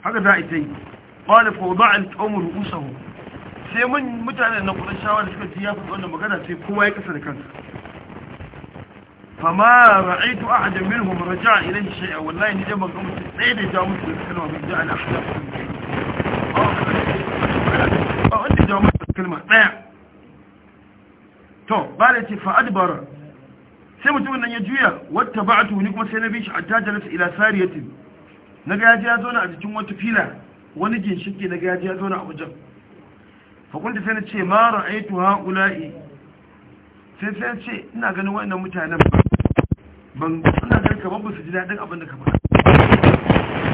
haka za a ita yi ƙwale fauda an ƙaumur usahu sai mun mutane na kudin shawar da suka ji ya faɗi wannan magana sai kowa ya kasa da kansa fama ra'aitu ahadan minhum a ilayhi shay'a wallahi ni dai ban ga mutum ɗaya da ja musu da kalma bin ja'a na ba wanda ja musu da kalma ɗaya to ba da ce fa'adbara sai mutumin nan ya juya wata ba a kuma sai na bin shi a tajalis ila sariyatin na gaji ya zauna a jikin wata fila wani ginshiki na gaji ya zauna a wajen fakulta sai na ce ma ra'aitu ha'ula'i sai sai ce ina ganin wa'annan mutanen ba. ban suna ganin kamar ba su ji daɗin abin da ka faɗa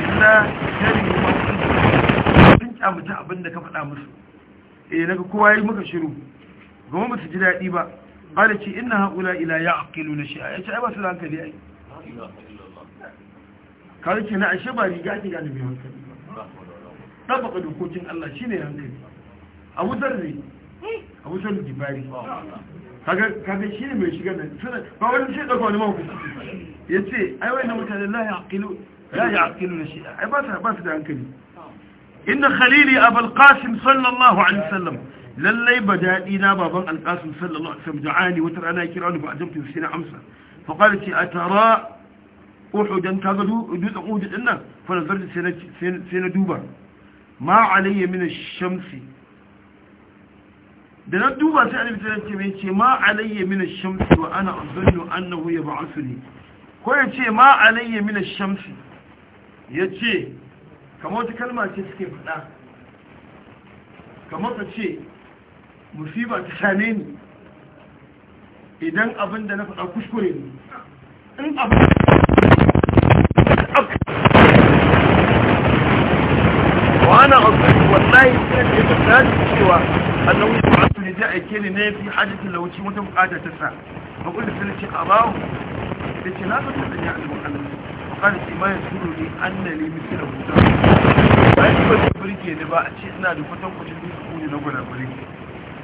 ina jari ma sun kyamata abin da ka faɗa musu eh naga kowa ya yi maka shiru gama ba su ji daɗi ba قال شيء إن هؤلاء لا يعقلون شيئا يتعب سلان كذي أي قال شيء نعشى بريقاتي قال بيهم طبق دكوتين الله شين يهندي أبو ذري أبو ذري جباري kaga shi ne mai shiga nan suna ba wani shi ɗauka wani mafi ya ce ai wani mutane la ya aƙilu na shi ai ba su da hankali inda khalili abul qasim sallallahu alaihi wasallam lallai ba daɗi na baban alƙasun sallallahu alaihi wasallam da'ani wata rana ya kira ni ba a ajabtu sai na amsa fa qala ti atara uhudan kaga dutsen uhud din nan fa na sai sai na duba ma alayya min ash-shamsi da na duba sai annabi sai ce mai ce ma alayya min ash-shamsi wa ana azannu annahu yab'athuni ko ya ce ma alayya min ash-shamsi yace kamar wata kalma ce suke faɗa kamar ka ce musibar ta same ni idan abin da na faɗa kuskure ne in abin na da ya cewa Allah wuce ba aike ni na yafi hajjata lauci wata buƙatar ta sa a ce a ce na ba birge ba a ce ina da kwatankwacin da su ne na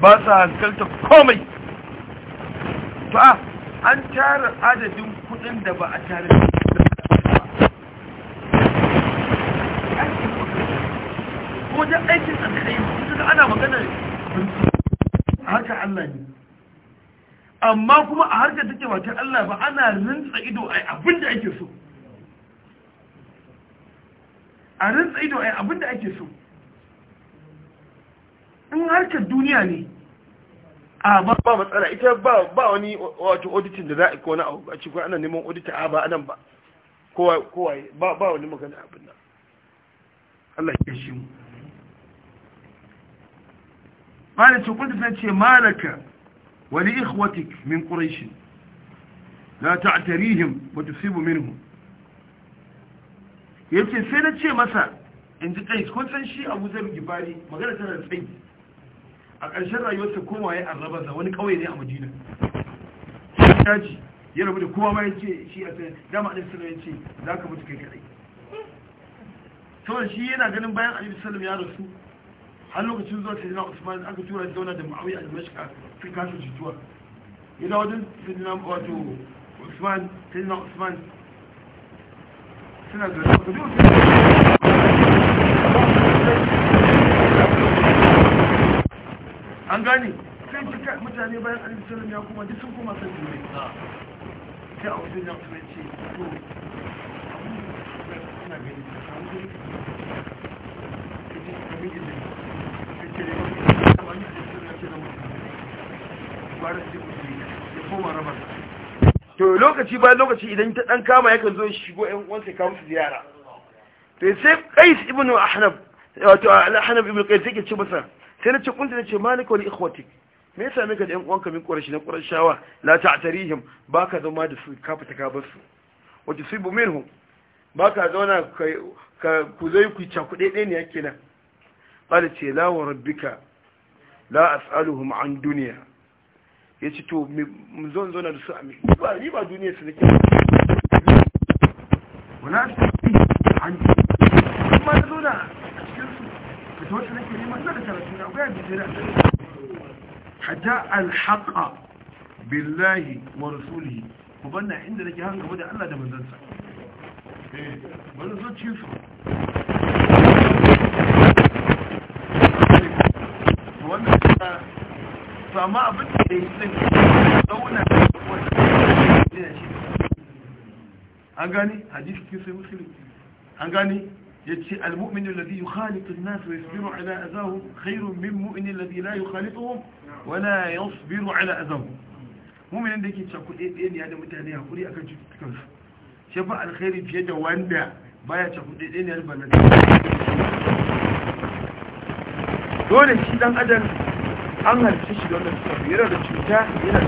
ba sa hankalta komai to a ah, an tara adadin kudin da ba a tare da wajen aikin tsarkai suka ana maganar harkar Allah ne amma kuma a harkar take wata Allah ba ana rinsa ido a abinda ake so a rinsa ido a abinda ake so in harkar duniya ne a ba ba matsala ita ba ba wani wato auditin da za a ko na a ci ko ana neman auditor a ba anan ba kowa kowa ba ba wani magana abin nan Allah ya shi mu malaka ce kun ta ce malaka wa li ikhwatik min quraish la ta'tarihim wa tusibu minhum yace sai na ce masa in ji kai kun san shi Abu Zar Gibari magana tana tsayi a ƙarshen rayuwarsa koma ya arraba sa wani kawai ne a madina shi ya rabu da kowa ma ya ce shi a tsaye dama alif salam ya ce za ka mutu kai kadai saboda shi yana ganin bayan alif salam ya rasu har lokacin zuwa na usman aka tura da zauna da a al-mashka sun kasa jituwa ya dawo wajen na wato usman na usman suna da rasu an gane sai cika mutane bayan an salam ya kuma duk sun koma sai a wajen ce to da ya ce to lokaci bayan lokaci idan ta dan kama yakan zo shigo yan uwansa ka su ziyara to sai qais ibnu ahnab wato al-ahnab ibnu qais yake ce masa sai na ce kunta na ce malika wani ikhwati me ya same ka da yan uwanka min quraish na qurayshawa la ta'tarihim baka zama da su ka fita ka bar su wa tusibu minhum baka zauna ka ku zai ku ta kuɗe dai ne yake nan qala ce la wa rabbika la as'aluhum an dunya yace to mu zo zo na da su a mi ba ni ba duniya su nake wala an kuma zo da wanda nake neman da karatu na ga bijira hatta alhaqa billahi wa rasulihi ku banna inda nake hanga da Allah da manzansa eh, wannan sama abin da ya yi zauna da an gani hadisi kisai musulmi an gani يجي المؤمن الذي يخالط الناس ويصبر على أذاهم خير من مؤمن الذي لا يخالطهم ولا يصبر على أذاهم مؤمن عندك يتشاكل إيه إيه هذا متعني هقولي أكل جتكلف شفاء الخير بيد واندا بايا تشاكل إيه إيه البلد دولة شي دان أدن an halitta shi don da yana da cuta yana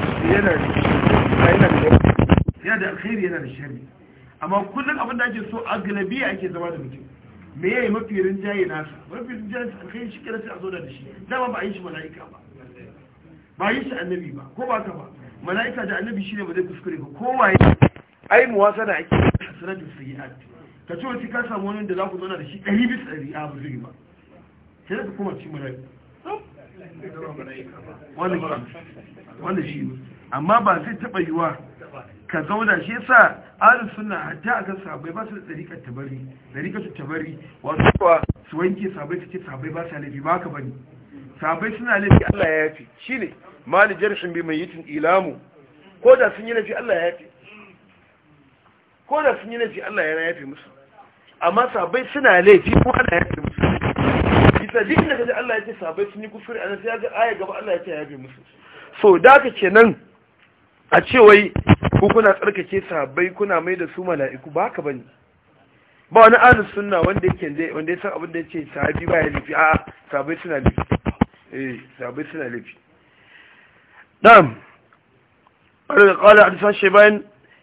da yana da alkhairi yana da shari amma kullum abin da ake so a galabiya ake zama da mutum me yayi mafi rinjaye nasa mafi rinjaye su kai shi kira sai a zo da shi dama ba a yi shi mala'ika ba ba yi shi annabi ba ko ba ka ba mala'ika da annabi shine ba zai kuskure ba Ko waye ai mu wasa da ake hasanatu sayyi'at ka ce wani ka samu wani da za ku zauna da shi ɗari bisa ɗari a ba zai ba sai da ka koma cikin mala'ika wanda shi amma ba zai taɓa yiwa ka zauna shi yasa ahlus sunna hatta akan sabai ba su da dariƙar tabari dariƙar tabari wato kuwa su wanke sabai su ce sabai ba su laifi ba ka bani sabai suna laifi Allah ya yafi shine mali jarhin bi tun ilamu ko da sun yi laifi Allah ya yafi ko da sun yi laifi Allah ya yafi musu amma sabai suna laifi ko Allah ya yafi musu bisa duk da kaji Allah ya ce sabai sun yi kufuri a nan sai ga aya gaba Allah ya ce ya yafi musu so da ka kenan a ce wai ku kuna tsarkake sabai kuna mai da su mala'iku ba haka bane ba wani ahlus sunna wanda yake wanda ya san abin da yake sahabi ba ya lifi a suna lifi eh sahabbai suna lifi na'am قال حدثنا شيبان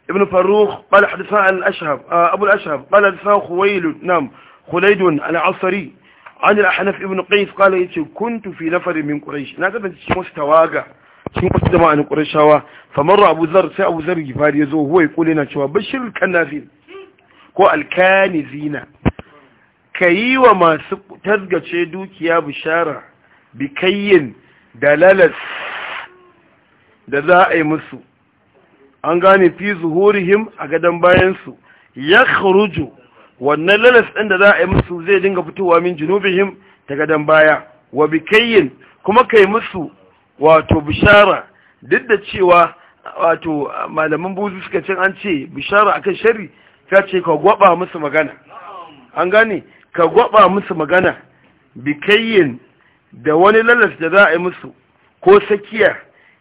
ابن فروخ قال حدثنا الأشهب أبو الأشهب قال حدثنا خويل نعم خليد العصري عن الأحنف ابن قيس قال كنت في نفر من قريش أنا cikin wasu tawaga. sun kusa jama'a na ƙurashawa famar abu zar sai abu zar gifari ya zo huwa ya kule cewa bashir kanafin ko alkani zina ka yi wa masu tasgace dukiya bishara kayyin da lalas da za a yi musu an gane fi zuhurihim a gadon bayansu ya kharuju wannan lalas ɗin da za a yi musu zai dinga fitowa min jinubihim ta gadon baya wa bikayyin kuma kai musu wato bishara duk da cewa wato malaman buzu suka cin an ce bishara akan shari ta ce ka gwaba musu magana an gane ka gwaba musu magana bikayyin da wani lalas da za a yi musu ko sakiya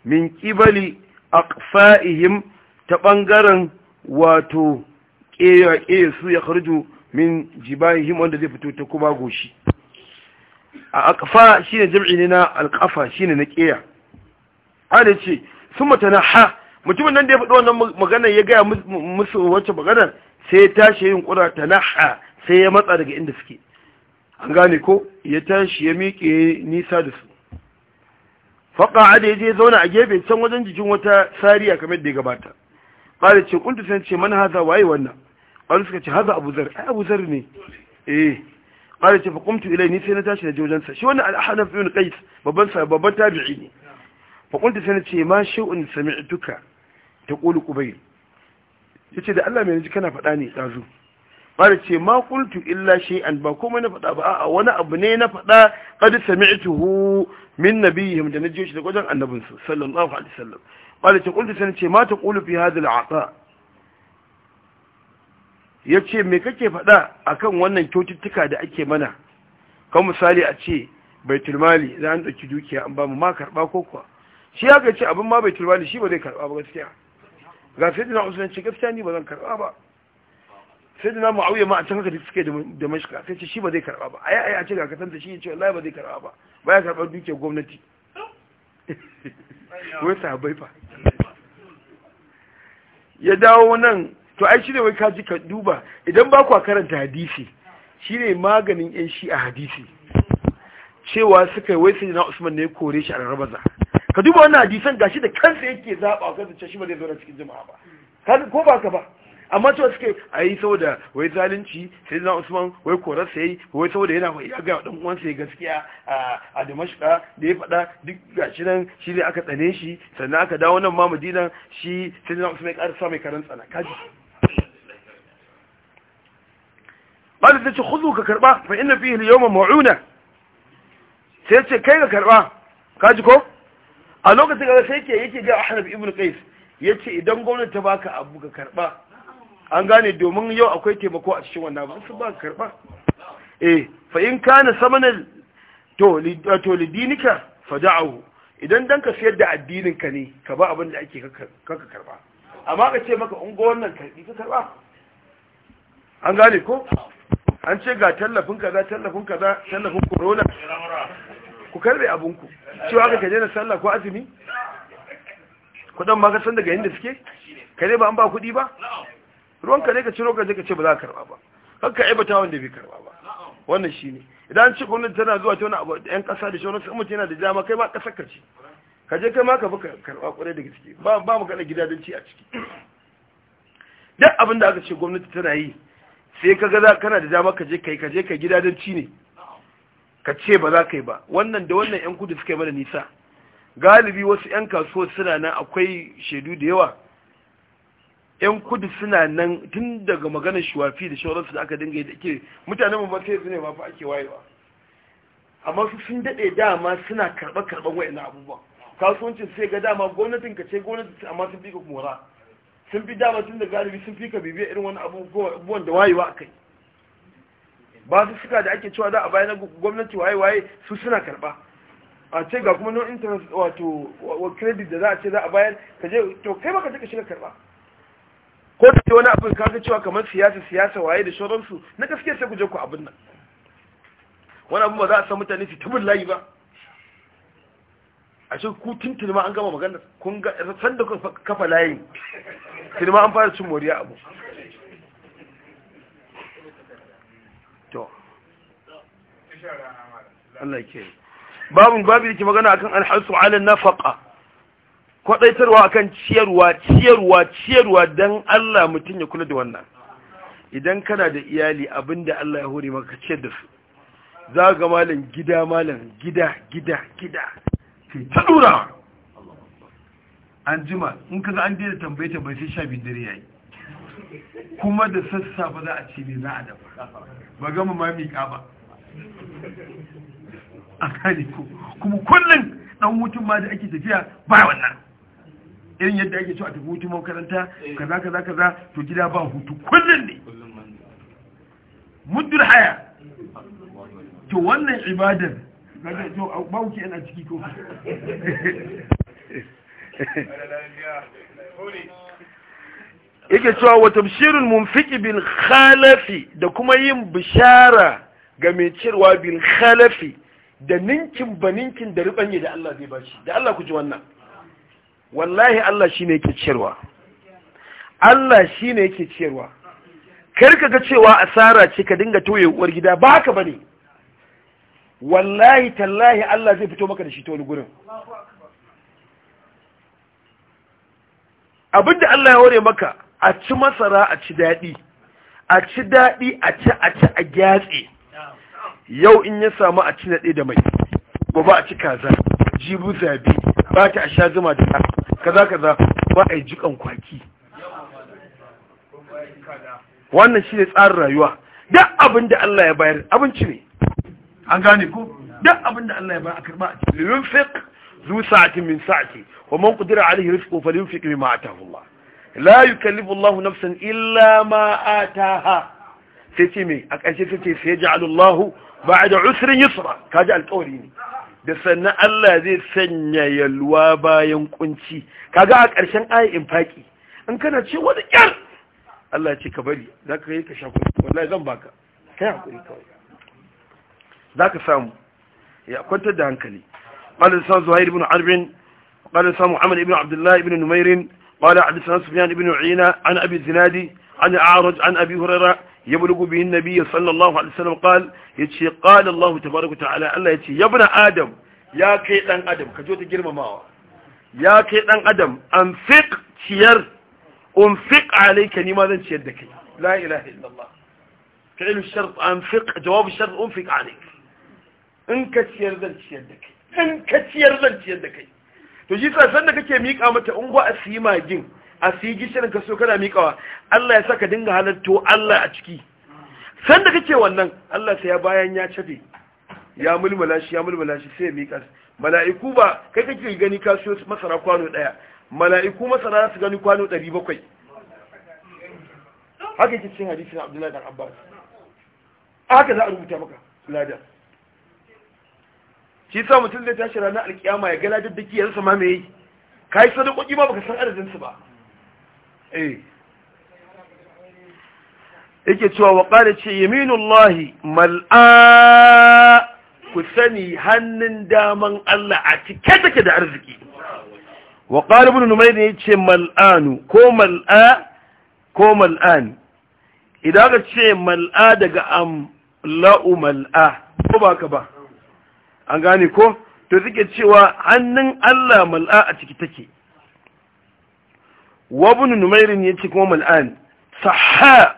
min kibali aqfa'ihim ta ɓangaren wato ƙeya ƙeya su ya kharju min jibahihim wanda zai fito ta kuma goshi a aqfa shine jam'i ne na alqafa shine na qiya ana ce summa ha! mutumin nan da ya faɗi wannan magana ya gaya musu wacce magana sai ya tashi yin kura tanaha sai ya matsa daga inda suke an gane ko ya tashi ya miƙe nisa da su faƙa da ya je zauna a gefe can wajen jikin wata sariya kamar da ya gabata ƙara ce kuntu san ce man haza waye wannan wani suka ce haza abuzar? ai abuzar ne eh qala fa qumtu ilai ni sai na tashi na je wajen sa shi wannan al-ahnaf ibn kai babban sa babban tabi'i ne fa qultu sai na ce ma sami shay'un sami'tuka taqulu qubayl yace da Allah mai ji kana faɗa ne dazu qala ce ma kuntu illa shay'an ba komai na faɗa ba a'a wani abu ne na faɗa sami sami'tuhu min na nabiyihim da najiyo shi daga wajen annabinsu sallallahu alaihi wasallam qala ce qultu sai na ce ma taqulu fi hadha al-ata ya ce me kake faɗa akan wannan kyaututtuka da ake mana kan misali a ce baitulmali za a ɗauki dukiya an ba mu ma karɓa ko kuwa shi ya ce abin ma baitulmali shi ba zai karɓa ba gaskiya ga sai dina usulun ce gaskiya ni ba zan karɓa ba sai dina auye ma a can haka da suke da mashika sai ce shi ba zai karɓa ba ayi ayi a ce ga kasanta shi ya ce wallahi ba zai karɓa ba ba ya karɓar dukiyar gwamnati (laughs) wai bai fa ya dawo nan to ai shi ne wai kaji ka duba idan ba kwa karanta hadisi shine maganin yan shi a hadisi cewa suka yi wai sai na Usman ne kore shi a rarrabaza ka duba wannan hadisan ga shi da kansa yake zaba kansa ce shi ba zai zo cikin jama'a ba ko ba ka ba amma cewa suke a yi saboda wai zalunci sai na usman wai korar sai wai saboda yana wai ya ga dan uwansa ya gaskiya a damashka da ya faɗa duk gashi nan shi ne aka tsane shi sannan aka dawo nan ma madina shi sai na usman ya ƙara sa mai karan tsana kaji ka قال تتي خذوا ككربا Sai ce kai ka سيتي Ka ji ko. a lokacin da sai ke yake ga Ahnab ibn Qais yace idan gwamnati ta baka abu ka karba an gane domin yau akwai taimako a cikin wannan abu su ba ka karba eh fa in kana samanal to to lidinika fada'ahu idan dan ka siyar da addinin ne ka ba abin da ake ka karba amma ka ce maka ungo wannan karbi ka karba an gane ko an ce ga tallafin kaza tallafin kaza tallafin corona ku karbe abunku. cewa ka kaje na sallah ko azumi kudin ma ka san daga inda suke kare ba an ba kudi ba ruwan ka ne ka ciro ka je ka ce ba za ka karba ba haka aibata wanda bai karba ba wannan shine idan ce gwamnati tana zuwa ta wani abu yan kasa da shawarar mutum yana da dama kai ma kasar ka ce ka je kai ma ka fi karba kwarai da gaske ba mu gana gidajen ci a ciki duk abin da aka ce gwamnati tana yi sai kaga za kana da dama ka je kai ka je ka gida don ci ne ka ce ba za ka yi ba wannan da wannan yan kudu suka yi mana nisa galibi wasu yan kasuwa suna nan akwai shaidu da yawa yan kudu suna nan tun daga maganar shuwafi da shauransu da aka dinga yi da ke mutanen mu ba sai su ne ba fa ake wayewa amma su sun daɗe dama suna karɓa karɓar wa'in abubuwa kasuwancin sai ga dama gwamnatin ka ce gwamnatin amma sun fi ka mora sun fi dama tun da galibi sun fi ka bibiya irin wani abubuwan da wayewa a kai ba su suka da ake cewa da a bayan gwamnati waye-waye su suna karba a ce ga kuma non intanet wato wa kredit da za a ce za a bayar ka je to kai baka ka shiga karba ko da ce wani abin kaga cewa kamar siyasa siyasa waye da shoransu, na gaske sai ku je ku abin nan wani abin ba za a san mutane su tabin layi ba a ce ku tuntuni ma an gama maganar kun ga sanda kun kafa layin sinima an fara cin moriya abu to Allah ke babun babu yake magana akan alhasu ala nafaqa kwadaitarwa akan ciyarwa ciyarwa ciyarwa dan Allah mutun ya kula da wannan idan kana da iyali abinda Allah ya hore maka ciyar da su za ga malam gida malam gida gida gida ta dura an jima in kaga an daina tambaye tambaye sai sha biyu dare yayi kuma da ba za a ce ne za a dafa ba gama ma miƙa ba a kane ko kuma kullum dan hutun ma da ake tafiya ba wannan irin yadda ake cewa tafi hutun makaranta kaza kaza kaza to gida ba hutu kullum ne muddul haya to wannan ibadar ba ku ke yana ciki ko (laughs) yake cewa wata mun fiƙi bin khalafi da kuma yin bishara ga mai cirwa bin khalafi da ninkin ba ninkin da ribanye da Allah zai bashi da Allah ku ji wannan wallahi Allah shine yake cirwa Allah shine yake cirwa kar ga cewa asara ce ka dinga toye uwar gida ba haka bane wallahi tallahi Allah zai fito maka da shi ta wani gurin Abin da Allah ya ware maka a ci masara a ci daɗi a ci daɗi a ci a ci a gyatse yau in ya samu a ci naɗe da mai ba ba a ci kaza jibu zabi ba ta a sha zuma da ta kaza kaza ba a yi jikan kwaki wannan shi ne tsarin rayuwa duk abin da Allah ya bayar abinci ne an gane ku duk abin da Allah ya bayar a karba a cikin fiqh ذو سعة من سعته ومن قدر عليه رزقه فلينفق مما آتاه الله لا يكلف الله نفسا إلا ما آتاها sai أكأشي تتي سيجعل الله بعد عسر يسرا كاجع ne. da sannan Allah zai sanya yalwa bayan kunci kaga a ƙarshen ayi in faki in kana ce wani ƙyar Allah ce ka bari za ka yi ka shafi wallahi zan baka kai hakuri kawai za samu ya kwantar da hankali قال لسان زهير بن حرب قال لسان محمد بن عبد الله بن نمير قال حدثنا سفيان بن عيينة عن أبي الزناد عن أعرج عن أبي هريرة يبلغ به النبي صلى الله عليه وسلم قال يتشي قال الله تبارك وتعالى الله يتشي يا ابن آدم يا كي دان آدم كجوت جرم ماوا يا كي دان آدم أنفق تير أنفق عليك نما ذن تيدك لا إله إلا الله فعل الشرط أنفق جواب الشرط أنفق عليك إنك تير ذن تيدك in ka ciyar zan ciyar da kai to shi sa sanda kake miƙa mata in ba a siyi magin a siyi gishirin ka so kana miƙawa Allah ya saka dinga halatto Allah a ciki sanda kake wannan Allah sai ya bayan ya cafe ya mulmula shi ya mulmula shi sai ya miƙa mala'iku ba kai kake gani ka siyo masara kwano daya mala'iku masara su gani kwano 700 haka yake cikin hadisin Abdullahi dan Abbas haka za a rubuta maka ladan shi sa mutum zai tashi ranar alkiyama ya gala daddaki yansa ma mai yi ka yi sadakoki ba baka san adadin su ba eh yake cewa wa qala ce yaminullahi mal'a ku sani hannun daman Allah a cike take da arziki wa qala ibn ne yace mal'anu ko mal'a ko mal'ani idan ka ce mal'a daga am la'u mal'a ko baka ba an gane ko to suke cewa hannun Allah mal'a a ciki take wabin numairin ya ce kuma mal'an saha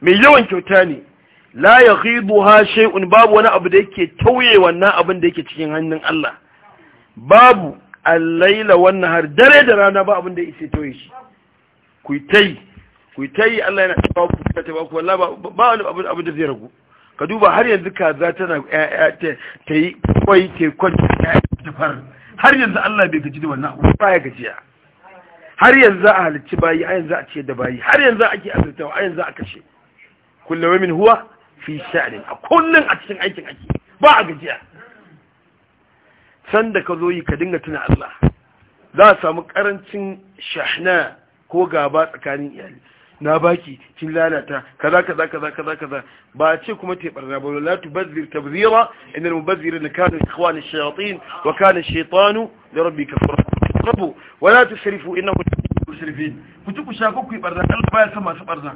mai yawan kyauta ne la ya ribu ha shai'un babu wani abu da yake tauye wannan abin da yake cikin hannun Allah babu al-laila wannan har dare da rana ba abin da ya tauye shi ku yi ku yi Allah yana ta ku tai ba ku wallahi ba wani abu da zai ragu ka duba har yanzu kaza tana eh, eh, ta yi kawai ke kwanci ya har yanzu Allah bai gaji da wannan abu baya gajiya har yanzu a halicci bayi a yanzu a ce da bayi har yanzu ake azurtawa a yanzu a kashe kullum min huwa fi sha'anin a kullum a cikin aikin ake ba a gajiya sanda ka zo yi ka dinga tuna Allah za a samu karancin shahna ko gaba tsakanin iyali na baki kin lalata kaza kaza kaza kaza kaza ba ce kuma te barna ba la tubazzir tabzira innal mubazzirina kanu ikhwan ash-shayatin wa kana ash-shaytanu li rabbika farqabu wa la tusrifu innahu musrifin kutu ku shafa ku barna Allah baya san masu barna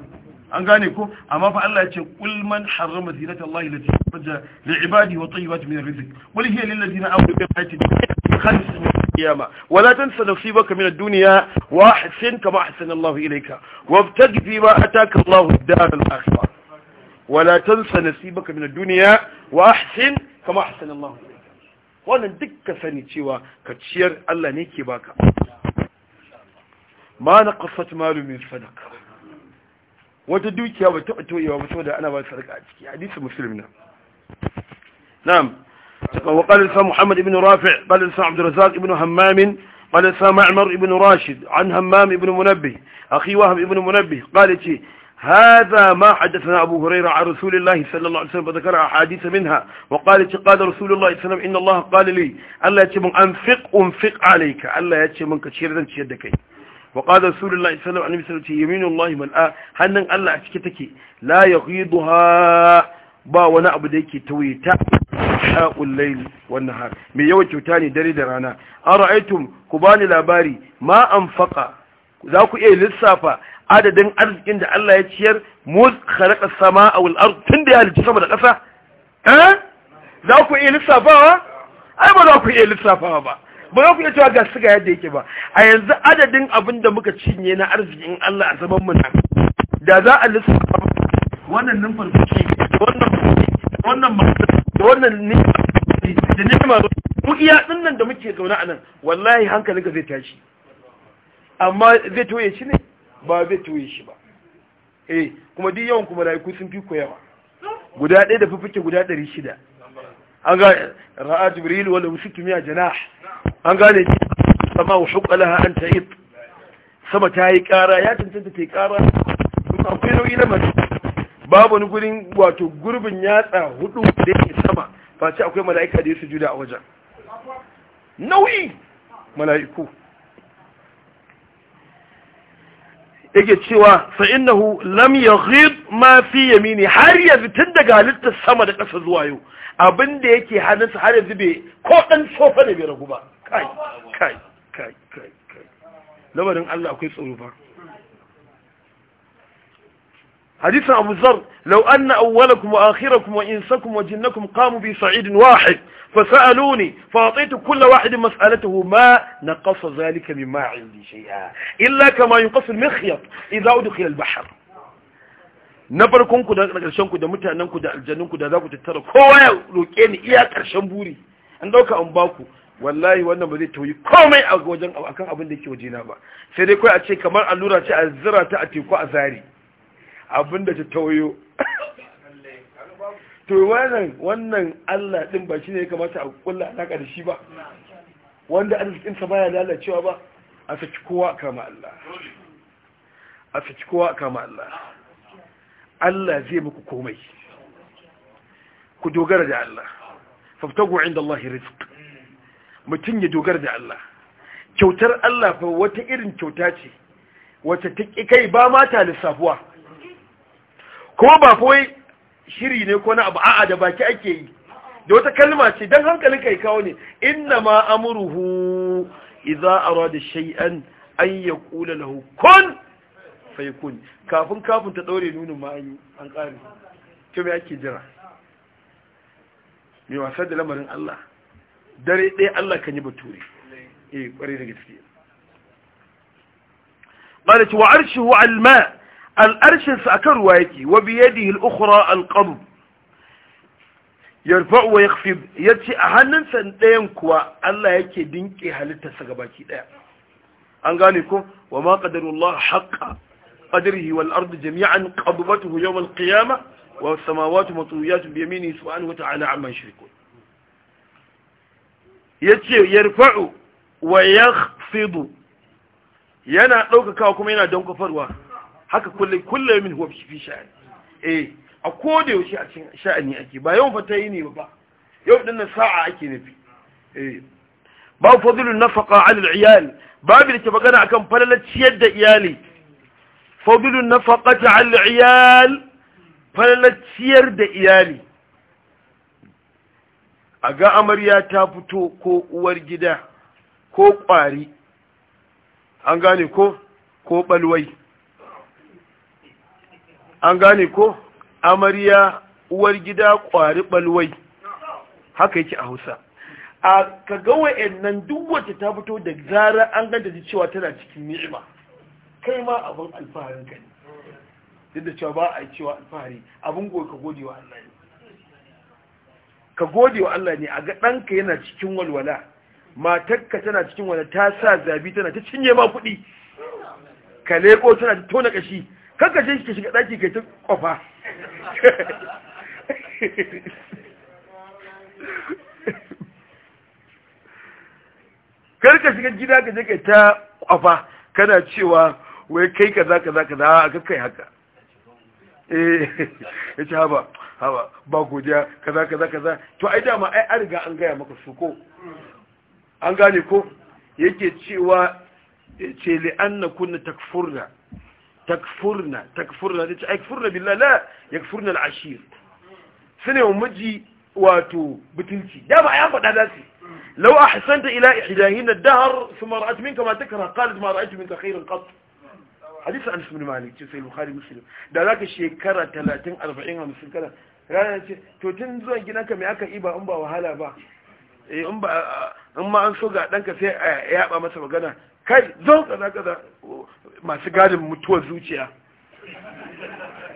an gane ko amma fa Allah ya ce qul man harrama zinata Allah allati fajja li ibadi wa tayyibati min rizq qul hiya lil ladina amanu bi ayati خمس القيامة ولا تنس نصيبك من الدنيا وأحسن كما أحسن الله إليك وابتق فيما أتاك الله الدار الآخرة ولا تنس نصيبك من الدنيا وأحسن كما أحسن الله إليك wannan duk ka sani cewa ka Allah ne ke baka ma na kasat malumin sadaka wata dukiya ba taɓa toyewa ba saboda ana ba sadaka a ciki hadisi musulmi وقال الإسلام محمد بن رافع قال الإسلام عبد الرزاق بن همام قال الإسلام معمر بن راشد عن همام بن منبه أخي وهم بن منبه قال هذا ما حدثنا أبو هريرة عن رسول الله صلى الله عليه وسلم وذكر أحاديث منها وقال قال رسول الله صلى الله عليه وسلم إن الله قال لي ألا يتمن أنفق أنفق عليك ألا يتمن كثير ذنك يدكي وقال رسول الله صلى الله عليه وسلم يمين الله ملآ هنن ألا أشكتك لا يغيضها ba wani abu da yake tauye ta sha'ul layl wan nahar me yawa kyauta ne dare da rana ara'aytum ku bani labari ma faƙa za ku iya lissafa adadin arzikin da Allah ya ciyar muz khalaqa samaa wal ard tun da ya halicci sama da ƙasa eh za ku iya lissafawa ai ba za ku iya lissafawa ba ba za ku iya cewa ga su ga yadda yake ba a yanzu adadin abin da muka cinye na arzikin Allah a zaman mu da za a lissafa wannan numfar kuke wannan wannan da wannan ne da mu iya dinnan da muke zaune a nan wallahi hankalinka zai tashi amma zai toye shi ne ba zai toye shi ba eh kuma duk yawan kuma rayu sun fi ku yawa guda ɗaya da fifike guda ɗari shida an ga ra'a jibril wala musitu miya janah an gane shi sama wa huqalaha an ta'id sama ta yi kara, ya tantance ta yi ƙara akwai nau'i na mace babu wani gurin wato gurbin yatsa hudu da yake sama face akwai mala'ika da ya juda a wajen nauyi mala'iku yake cewa fa innahu lam yaghid ma fi yamini har ya fitar daga halittar sama da ƙasa zuwa yau abinda yake hannunsa har yanzu bai ko dan sofa ne bai ragu ba kai kai kai kai kai lamarin Allah akwai tsoro ba. حديث أبو ذر لو أن أولكم وآخركم وإنسكم وجنكم قاموا بصعيد واحد فسألوني فأعطيت كل واحد مسألته ما نقص ذلك مما عندي شيئا إلا كما ينقص المخيط إذا أدخل البحر na farkonku da ƙarshenku da mutanenku da aljanunku da za ku tattara kowa ya roƙe ni iya karshen buri an ɗauka an baku wallahi wannan ba zai tauyi komai a wajen akan abin da ke wajena ba sai dai kawai a ce kamar allura ce a zira ta a teku a zari abinda ta tauyo to wannan wannan Allah din ba shine ya kamata a kulla alaka da shi ba wanda arzikin sa baya lalacewa ba a saki kowa kama Allah a saki kowa kama Allah Allah zai muku komai ku dogara da Allah faftagu inda Allah rizq mutum ya dogara da Allah kyautar Allah fa wata irin kyauta ce wata ta kai ba mata lissafuwa ko ba kawai shiri ne ko na abu a'a da baki ake yi da wata kalma ce don hankalin kai kawo ne inna ma amuruhu idza arada shay'an an yaqula lahu kun fayakun kafin kafin ta daure nunin ma an an kare to me ake jira me wasa da lamarin Allah dare ɗaya Allah kan yi bature eh kware da gaske wa وعرشه على الماء al'arshinsa a kan ruwa yake wa biyadihi al'ukura alƙabu yarfa'u wa yakfib ya ce a hannunsa ɗayan kuwa Allah yake dinke halittarsa ga baki ɗaya an gane ko wa ma qadarullah haqqa qadrihi wal ardu jami'an qabdatuhu yawm al qiyamah wa samawati matwiyatun bi an subhanahu wa ta'ala amma yushrikun yace yarfa'u wa yakhfidu yana ɗaukakawa kuma yana dankofarwa haka kullum kullum min huwa fi sha'ani eh a koda yaushe a cikin sha'ani ake ba yau fata yi ne ba yau din sa'a ake nufi eh ba fadlun nafaqa 'ala al-iyal babu da ke magana akan falalar ciyar da iyali fadlun nafaqati 'ala al-iyal falalar ciyar da iyali a ga amarya ta fito ko uwar gida ko kwari an gane ko ko balwai an gane ko amarya uwar gida kwari balwai haka yake a hausa a kaga wa'annan duk wacce ta fito da zara an ganta da cewa tana cikin ni'ima kai ma abin alfaharin ka ne duk da cewa ba a yi cewa alfahari abin goyi ka gode wa Allah ne ka gode wa Allah ne a ga ɗanka yana cikin walwala matarka tana cikin wani ta sa zabi tana ta cinye ma kuɗi ka leko tana ta tona ƙashi kanka shi ke shiga daki ke ta kofa karka shiga gida ka je kai ta kofa kana cewa wai kai kaza kaza kaza a kai haka eh (laughs) ya ce haba haba ba godiya kaza kaza kaza to ai dama ai an riga an gaya maka su ko an gane ko yake cewa ce na kunna takfurna takfurna takfurna da ce aikfurna billah la yakfurna al'ashir su ne miji wato butunci da ba ya faɗa za su lau a hasanta ila na dahar su mara'at minka ma ta kara qalat ma ra'aytu minka khairan qat hadisi an ibn malik ce sai bukhari muslim da za ka shekara 30 40 50 kana ranar ce to tun zuwan gidanka me aka iba in ba wahala ba eh, in ba ma an so ga danka sai a yaɓa masa magana kai zo ka kaza masu gadin mutuwar zuciya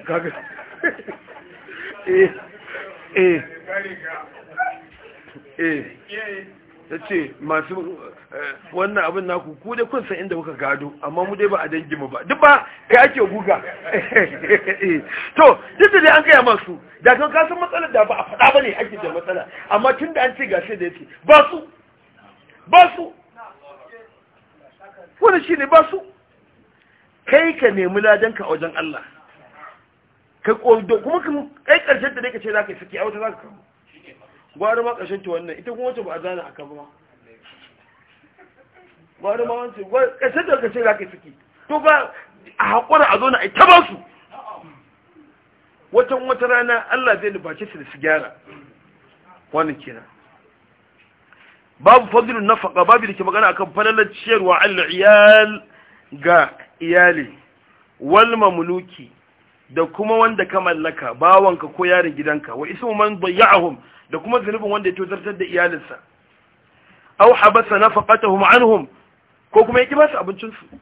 (laughs) eh eh eh ta ce masu eh, wannan abin naku ku dai kun san inda kuka gado amma mu dai ba a dangi mu ba duk ba kai ake guga (laughs) eh. to duk da dai an gaya masu da kan ka san matsalar da ba a faɗa ba ne ake da matsala amma tun da an ce gashe da yake ba su ba su wani shi ne ba su kai ka nemi ladanka a wajen Allah ka kodo kuma kai ƙarshen da ka ce za ka yi saki a wata za ka kama gwari ma ƙarshen ta wannan ita kuma wata ba a zana a kama gwari ma wancan ƙarshen da ka ce za ka yi saki to ba a haƙura a zo na a ta ba su watan wata rana Allah zai nufaci su da su gyara wannan kenan babu fadlun nafaqa babu da ke magana akan fadalar ciyarwa al-iyal ga iyali wal mamluki da kuma wanda ka mallaka bawanka ko yaron gidanka wa ismu man dayya'ahum da kuma zunubin wanda ya tozartar da iyalinsa aw habasa nafaqatuhum anhum ko kuma yake basu abincin su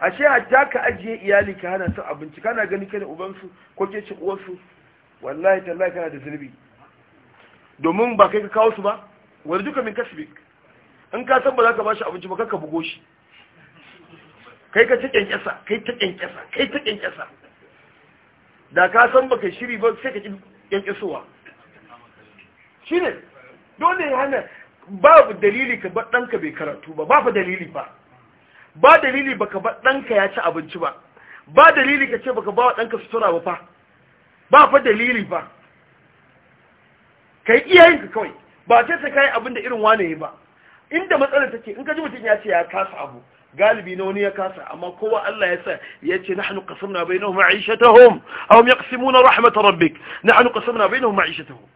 ashe hatta ka ajiye iyali ka hana su abinci kana gani kana uban su ko ke ci uwar su wallahi tallahi kana da zunubi domin ba kai ka kawo su ba wani duka min kasbik in ka san ba za ka bashi abinci ba ka bugo shi kai ka ta kyankyasa kai ta kyankyasa kai ta kyankyasa da ka san baka shiri ba sai ka kyankyasowa shi ne dole ya hana babu dalili ka bar ɗanka bai karatu ba babu dalili ba ba dalili baka bar ɗanka ya ci abinci ba ba dalili ka ce baka ba wa ɗanka sutura ba fa ba fa dalili ba Kai iyayen ka kawai ba ce sai ka yi abin da irin wane ba inda matsalar take in ka ji mutum ya ce ya kasa abu galibi na wani ya kasa amma kowa Allah ya sa ya ce nahnu qasamna bainahum ma'ishatahum aw yaqsimuna rahmat rabbik nahnu qasamna bainahum ma'ishatahum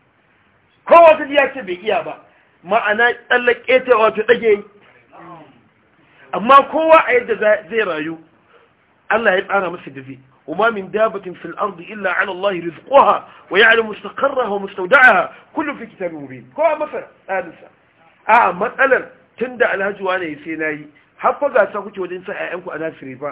kowa ta ya ce bai iya ba ma'ana tsallake ta wato dage amma kowa a yadda zai rayu Allah ya tsara masa da zai وما من دابة في الأرض إلا على الله رزقها ويعلم مستقرها ومستودعها كل في كتاب مبين كوا مثلا آنسا آه مثلا تندع الهجواني سيناي har fa gasa kuke wajen sa ku a nasiri fa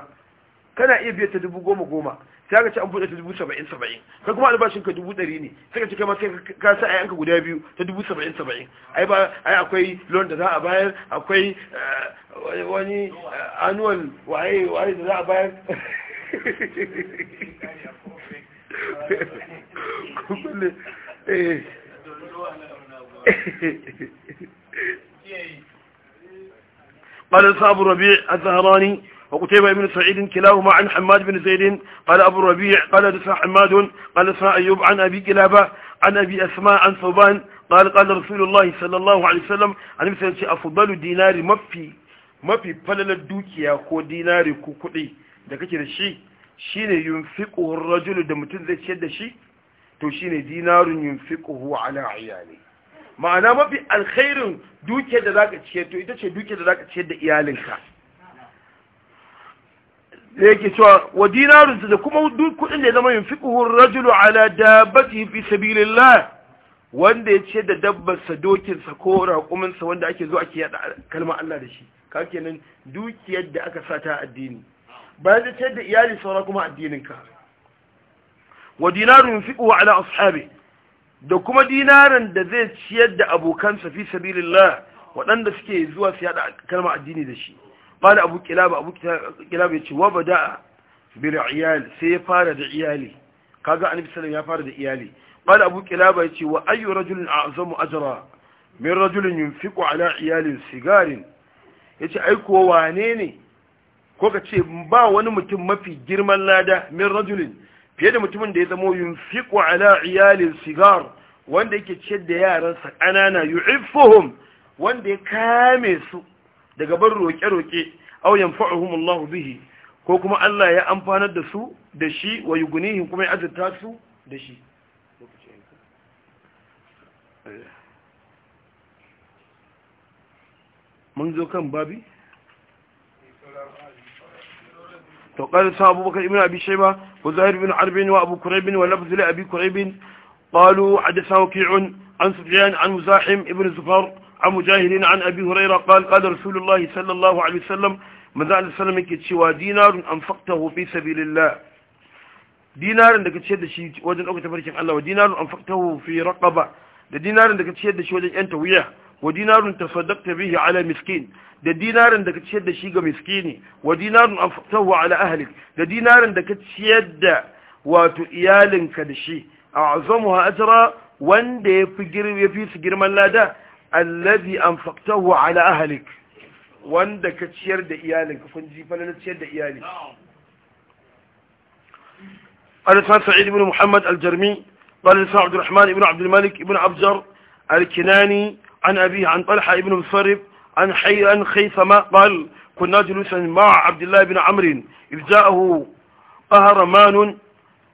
kana iya biyar ta dubu goma goma sai ka ci an buɗe ta dubu saba'in saba'in kai kuma albashin ka dubu ɗari ne sai ka ci kai ma sai ka sa ka guda biyu ta dubu saba'in saba'in ai ba ai akwai loan da za a bayar akwai eh, wani eh, annual waye waye da za a bayar (laughs) eh قال أصحاب الربيع الزهراني وقتيبة بن سعيد كلاهما عن حماد بن زيد قال أبو الربيع قال دسا حماد قال دسا أيوب عن أبي كلابة عن أبي أسماء عن ثوبان قال قال رسول الله صلى الله عليه وسلم عن مثل أفضل دينار مفي mafi falalar dukiya ko dinari ko kuɗi da kake da shi shine yunfiquhu ar-rajulu da mutum zai ciyar da shi to shine dinarun yunfiquhu ala iyali ma'ana mafi alkhairin duke da zaka ciyar to ita ce duke da zaka ciyar da iyalinka da yake cewa wa dinarun da kuma kudin da ya zama yin fiqhur rajulu ala dabati fi sabilillah wanda ya ce da dabbarsa dokinsa ko raƙuminsa wanda ake zo ake yada kalmar Allah da shi ka kenan dukiyar da aka sa ta addini bayan da ce da iyali saura kuma addininka wa dinarun fiqhu ala ashabi da kuma dinarin da zai ciyar da abokansa fi sabilillah waɗanda suke zuwa su yada kalma addini da shi ba abu kilaba abu kilaba ya ce wa bada bil iyal sai ya fara da iyali kaga annabi sallallahu ya fara da iyali ba abu kilaba ya ce wa ayyu rajulin a'zamu ajra min rajulin yunfiqu ala iyalin sigarin yace ai ko wane ne ko ka ce ba wani mutum mafi girman lada min rajulin fiye da mutumin da ya zamo fiƙo ala iyalin sigar wanda yake ciyar da yaransa ƙanana yu'iffuhum wanda ya kame su daga ban roƙe-roƙe aw yanfa'uhum allahu bihi ko kuma Allah ya amfanar da su da shi wa yugunihim kuma ya azurta su da shi mun zo kan babi to qala sabu bakar ibnu abi shayba wa zahir ibn arbin wa abu kuraybin wa nafs li abi kuraybin qalu hadatha waqi'un an sufyan an muzahim ibn zufar an mujahid an abi hurayra qala qala rasulullah sallallahu alaihi wasallam madha alaihi wasallam yake cewa dinarun anfaqtahu fi sabilillah dinarun da kace da shi wajen dauka tafarkin Allah wa dinarun anfaqtahu fi raqaba da dinarun da kace da shi wajen yanta wuya wa dinarun tasaddaqta bihi ala miskin da dinarin da ka ciyar da shi ga miskini wa dinarun anfaqtahu ala ahlik da dinarin da ka ciyar da wato iyalinka da shi a'zamuha ajra wanda yafi girme yafi su girman lada allazi anfaqtahu ala ahlik wanda ka ciyar da iyalinka kun ji fa na ciyar da iyali al-Sa'id Sa'id ibn Muhammad al-Jarmi قال عبد الرحمن بن عبد الملك بن عبجر الكناني عن أبيه عن طلحة بن مصرف عن حيئا خيثما قال كنا جلوسا مع عبد الله بن عمرو إذ جاءه قهرمان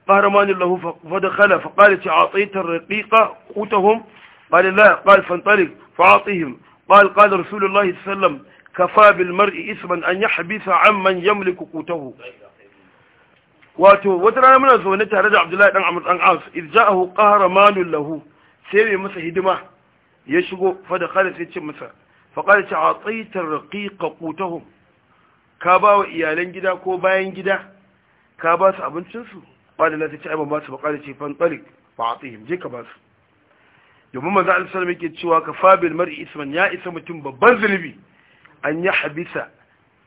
قهرمان له فدخل فقال أعطيت الرقيقة قوتهم قال لا قال فانطلق فأعطهم قال قال رسول الله صلى الله عليه وسلم كفى بالمرء إثما أن يحبس عمن يملك قوته wato wata rana muna zaune عبد الله بن عمرو بن عاص إذ جاءه qahramanun lahu sai mai ya shigo fa da kala sai ce masa fa kala ce a tsaitar raƙiƙa ƙutahun ka ba wa iyalan gida ko bayan gida ka ba su abincinsu ba da lati ce aiban ba su faƙa ce fan ba a tsayin je ka ba su domin maza alisar mai ke cewa ka fabil mari isman ya isa mutum babban zunubi an yi habisa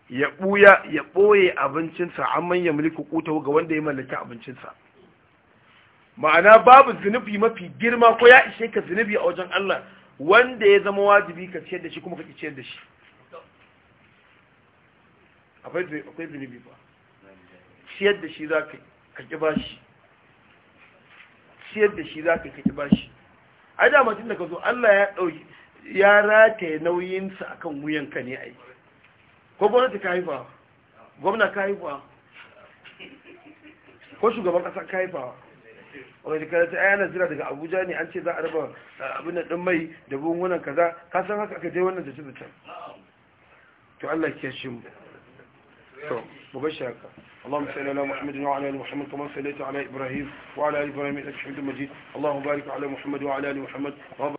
ya ɓuya ya ɓoye abincinsa an manya mulki kutahu ga wanda ya mallaki abincinsa ma'ana babu zunubi mafi girma ko ya ishe ka zunubi a wajen Allah wanda ya zama wajibi ka ciyar da shi kuma ka ki ciyar da shi akwai zunubi ba ciyar da shi za ka ki shi, ciyar da shi za ka ki shi. ai da mutum da ka zo Allah ya dauki ya rataye nauyinsa akan wuyanka ne ai ko gwamnati ka haifawa, gwamna ka haifawa, ko shugaban kasa ka haifawa wai da karatu ai ana daga abuja ne an ce za a raba abin da mai da bungunan kaza ka san haka aka je wannan da can to allah ke shi mu to mu bar اللهم صل على محمد وعلى ال محمد كما صليت على ابراهيم وعلى ال ابراهيم انك حميد مجيد اللهم بارك على محمد وعلى ال محمد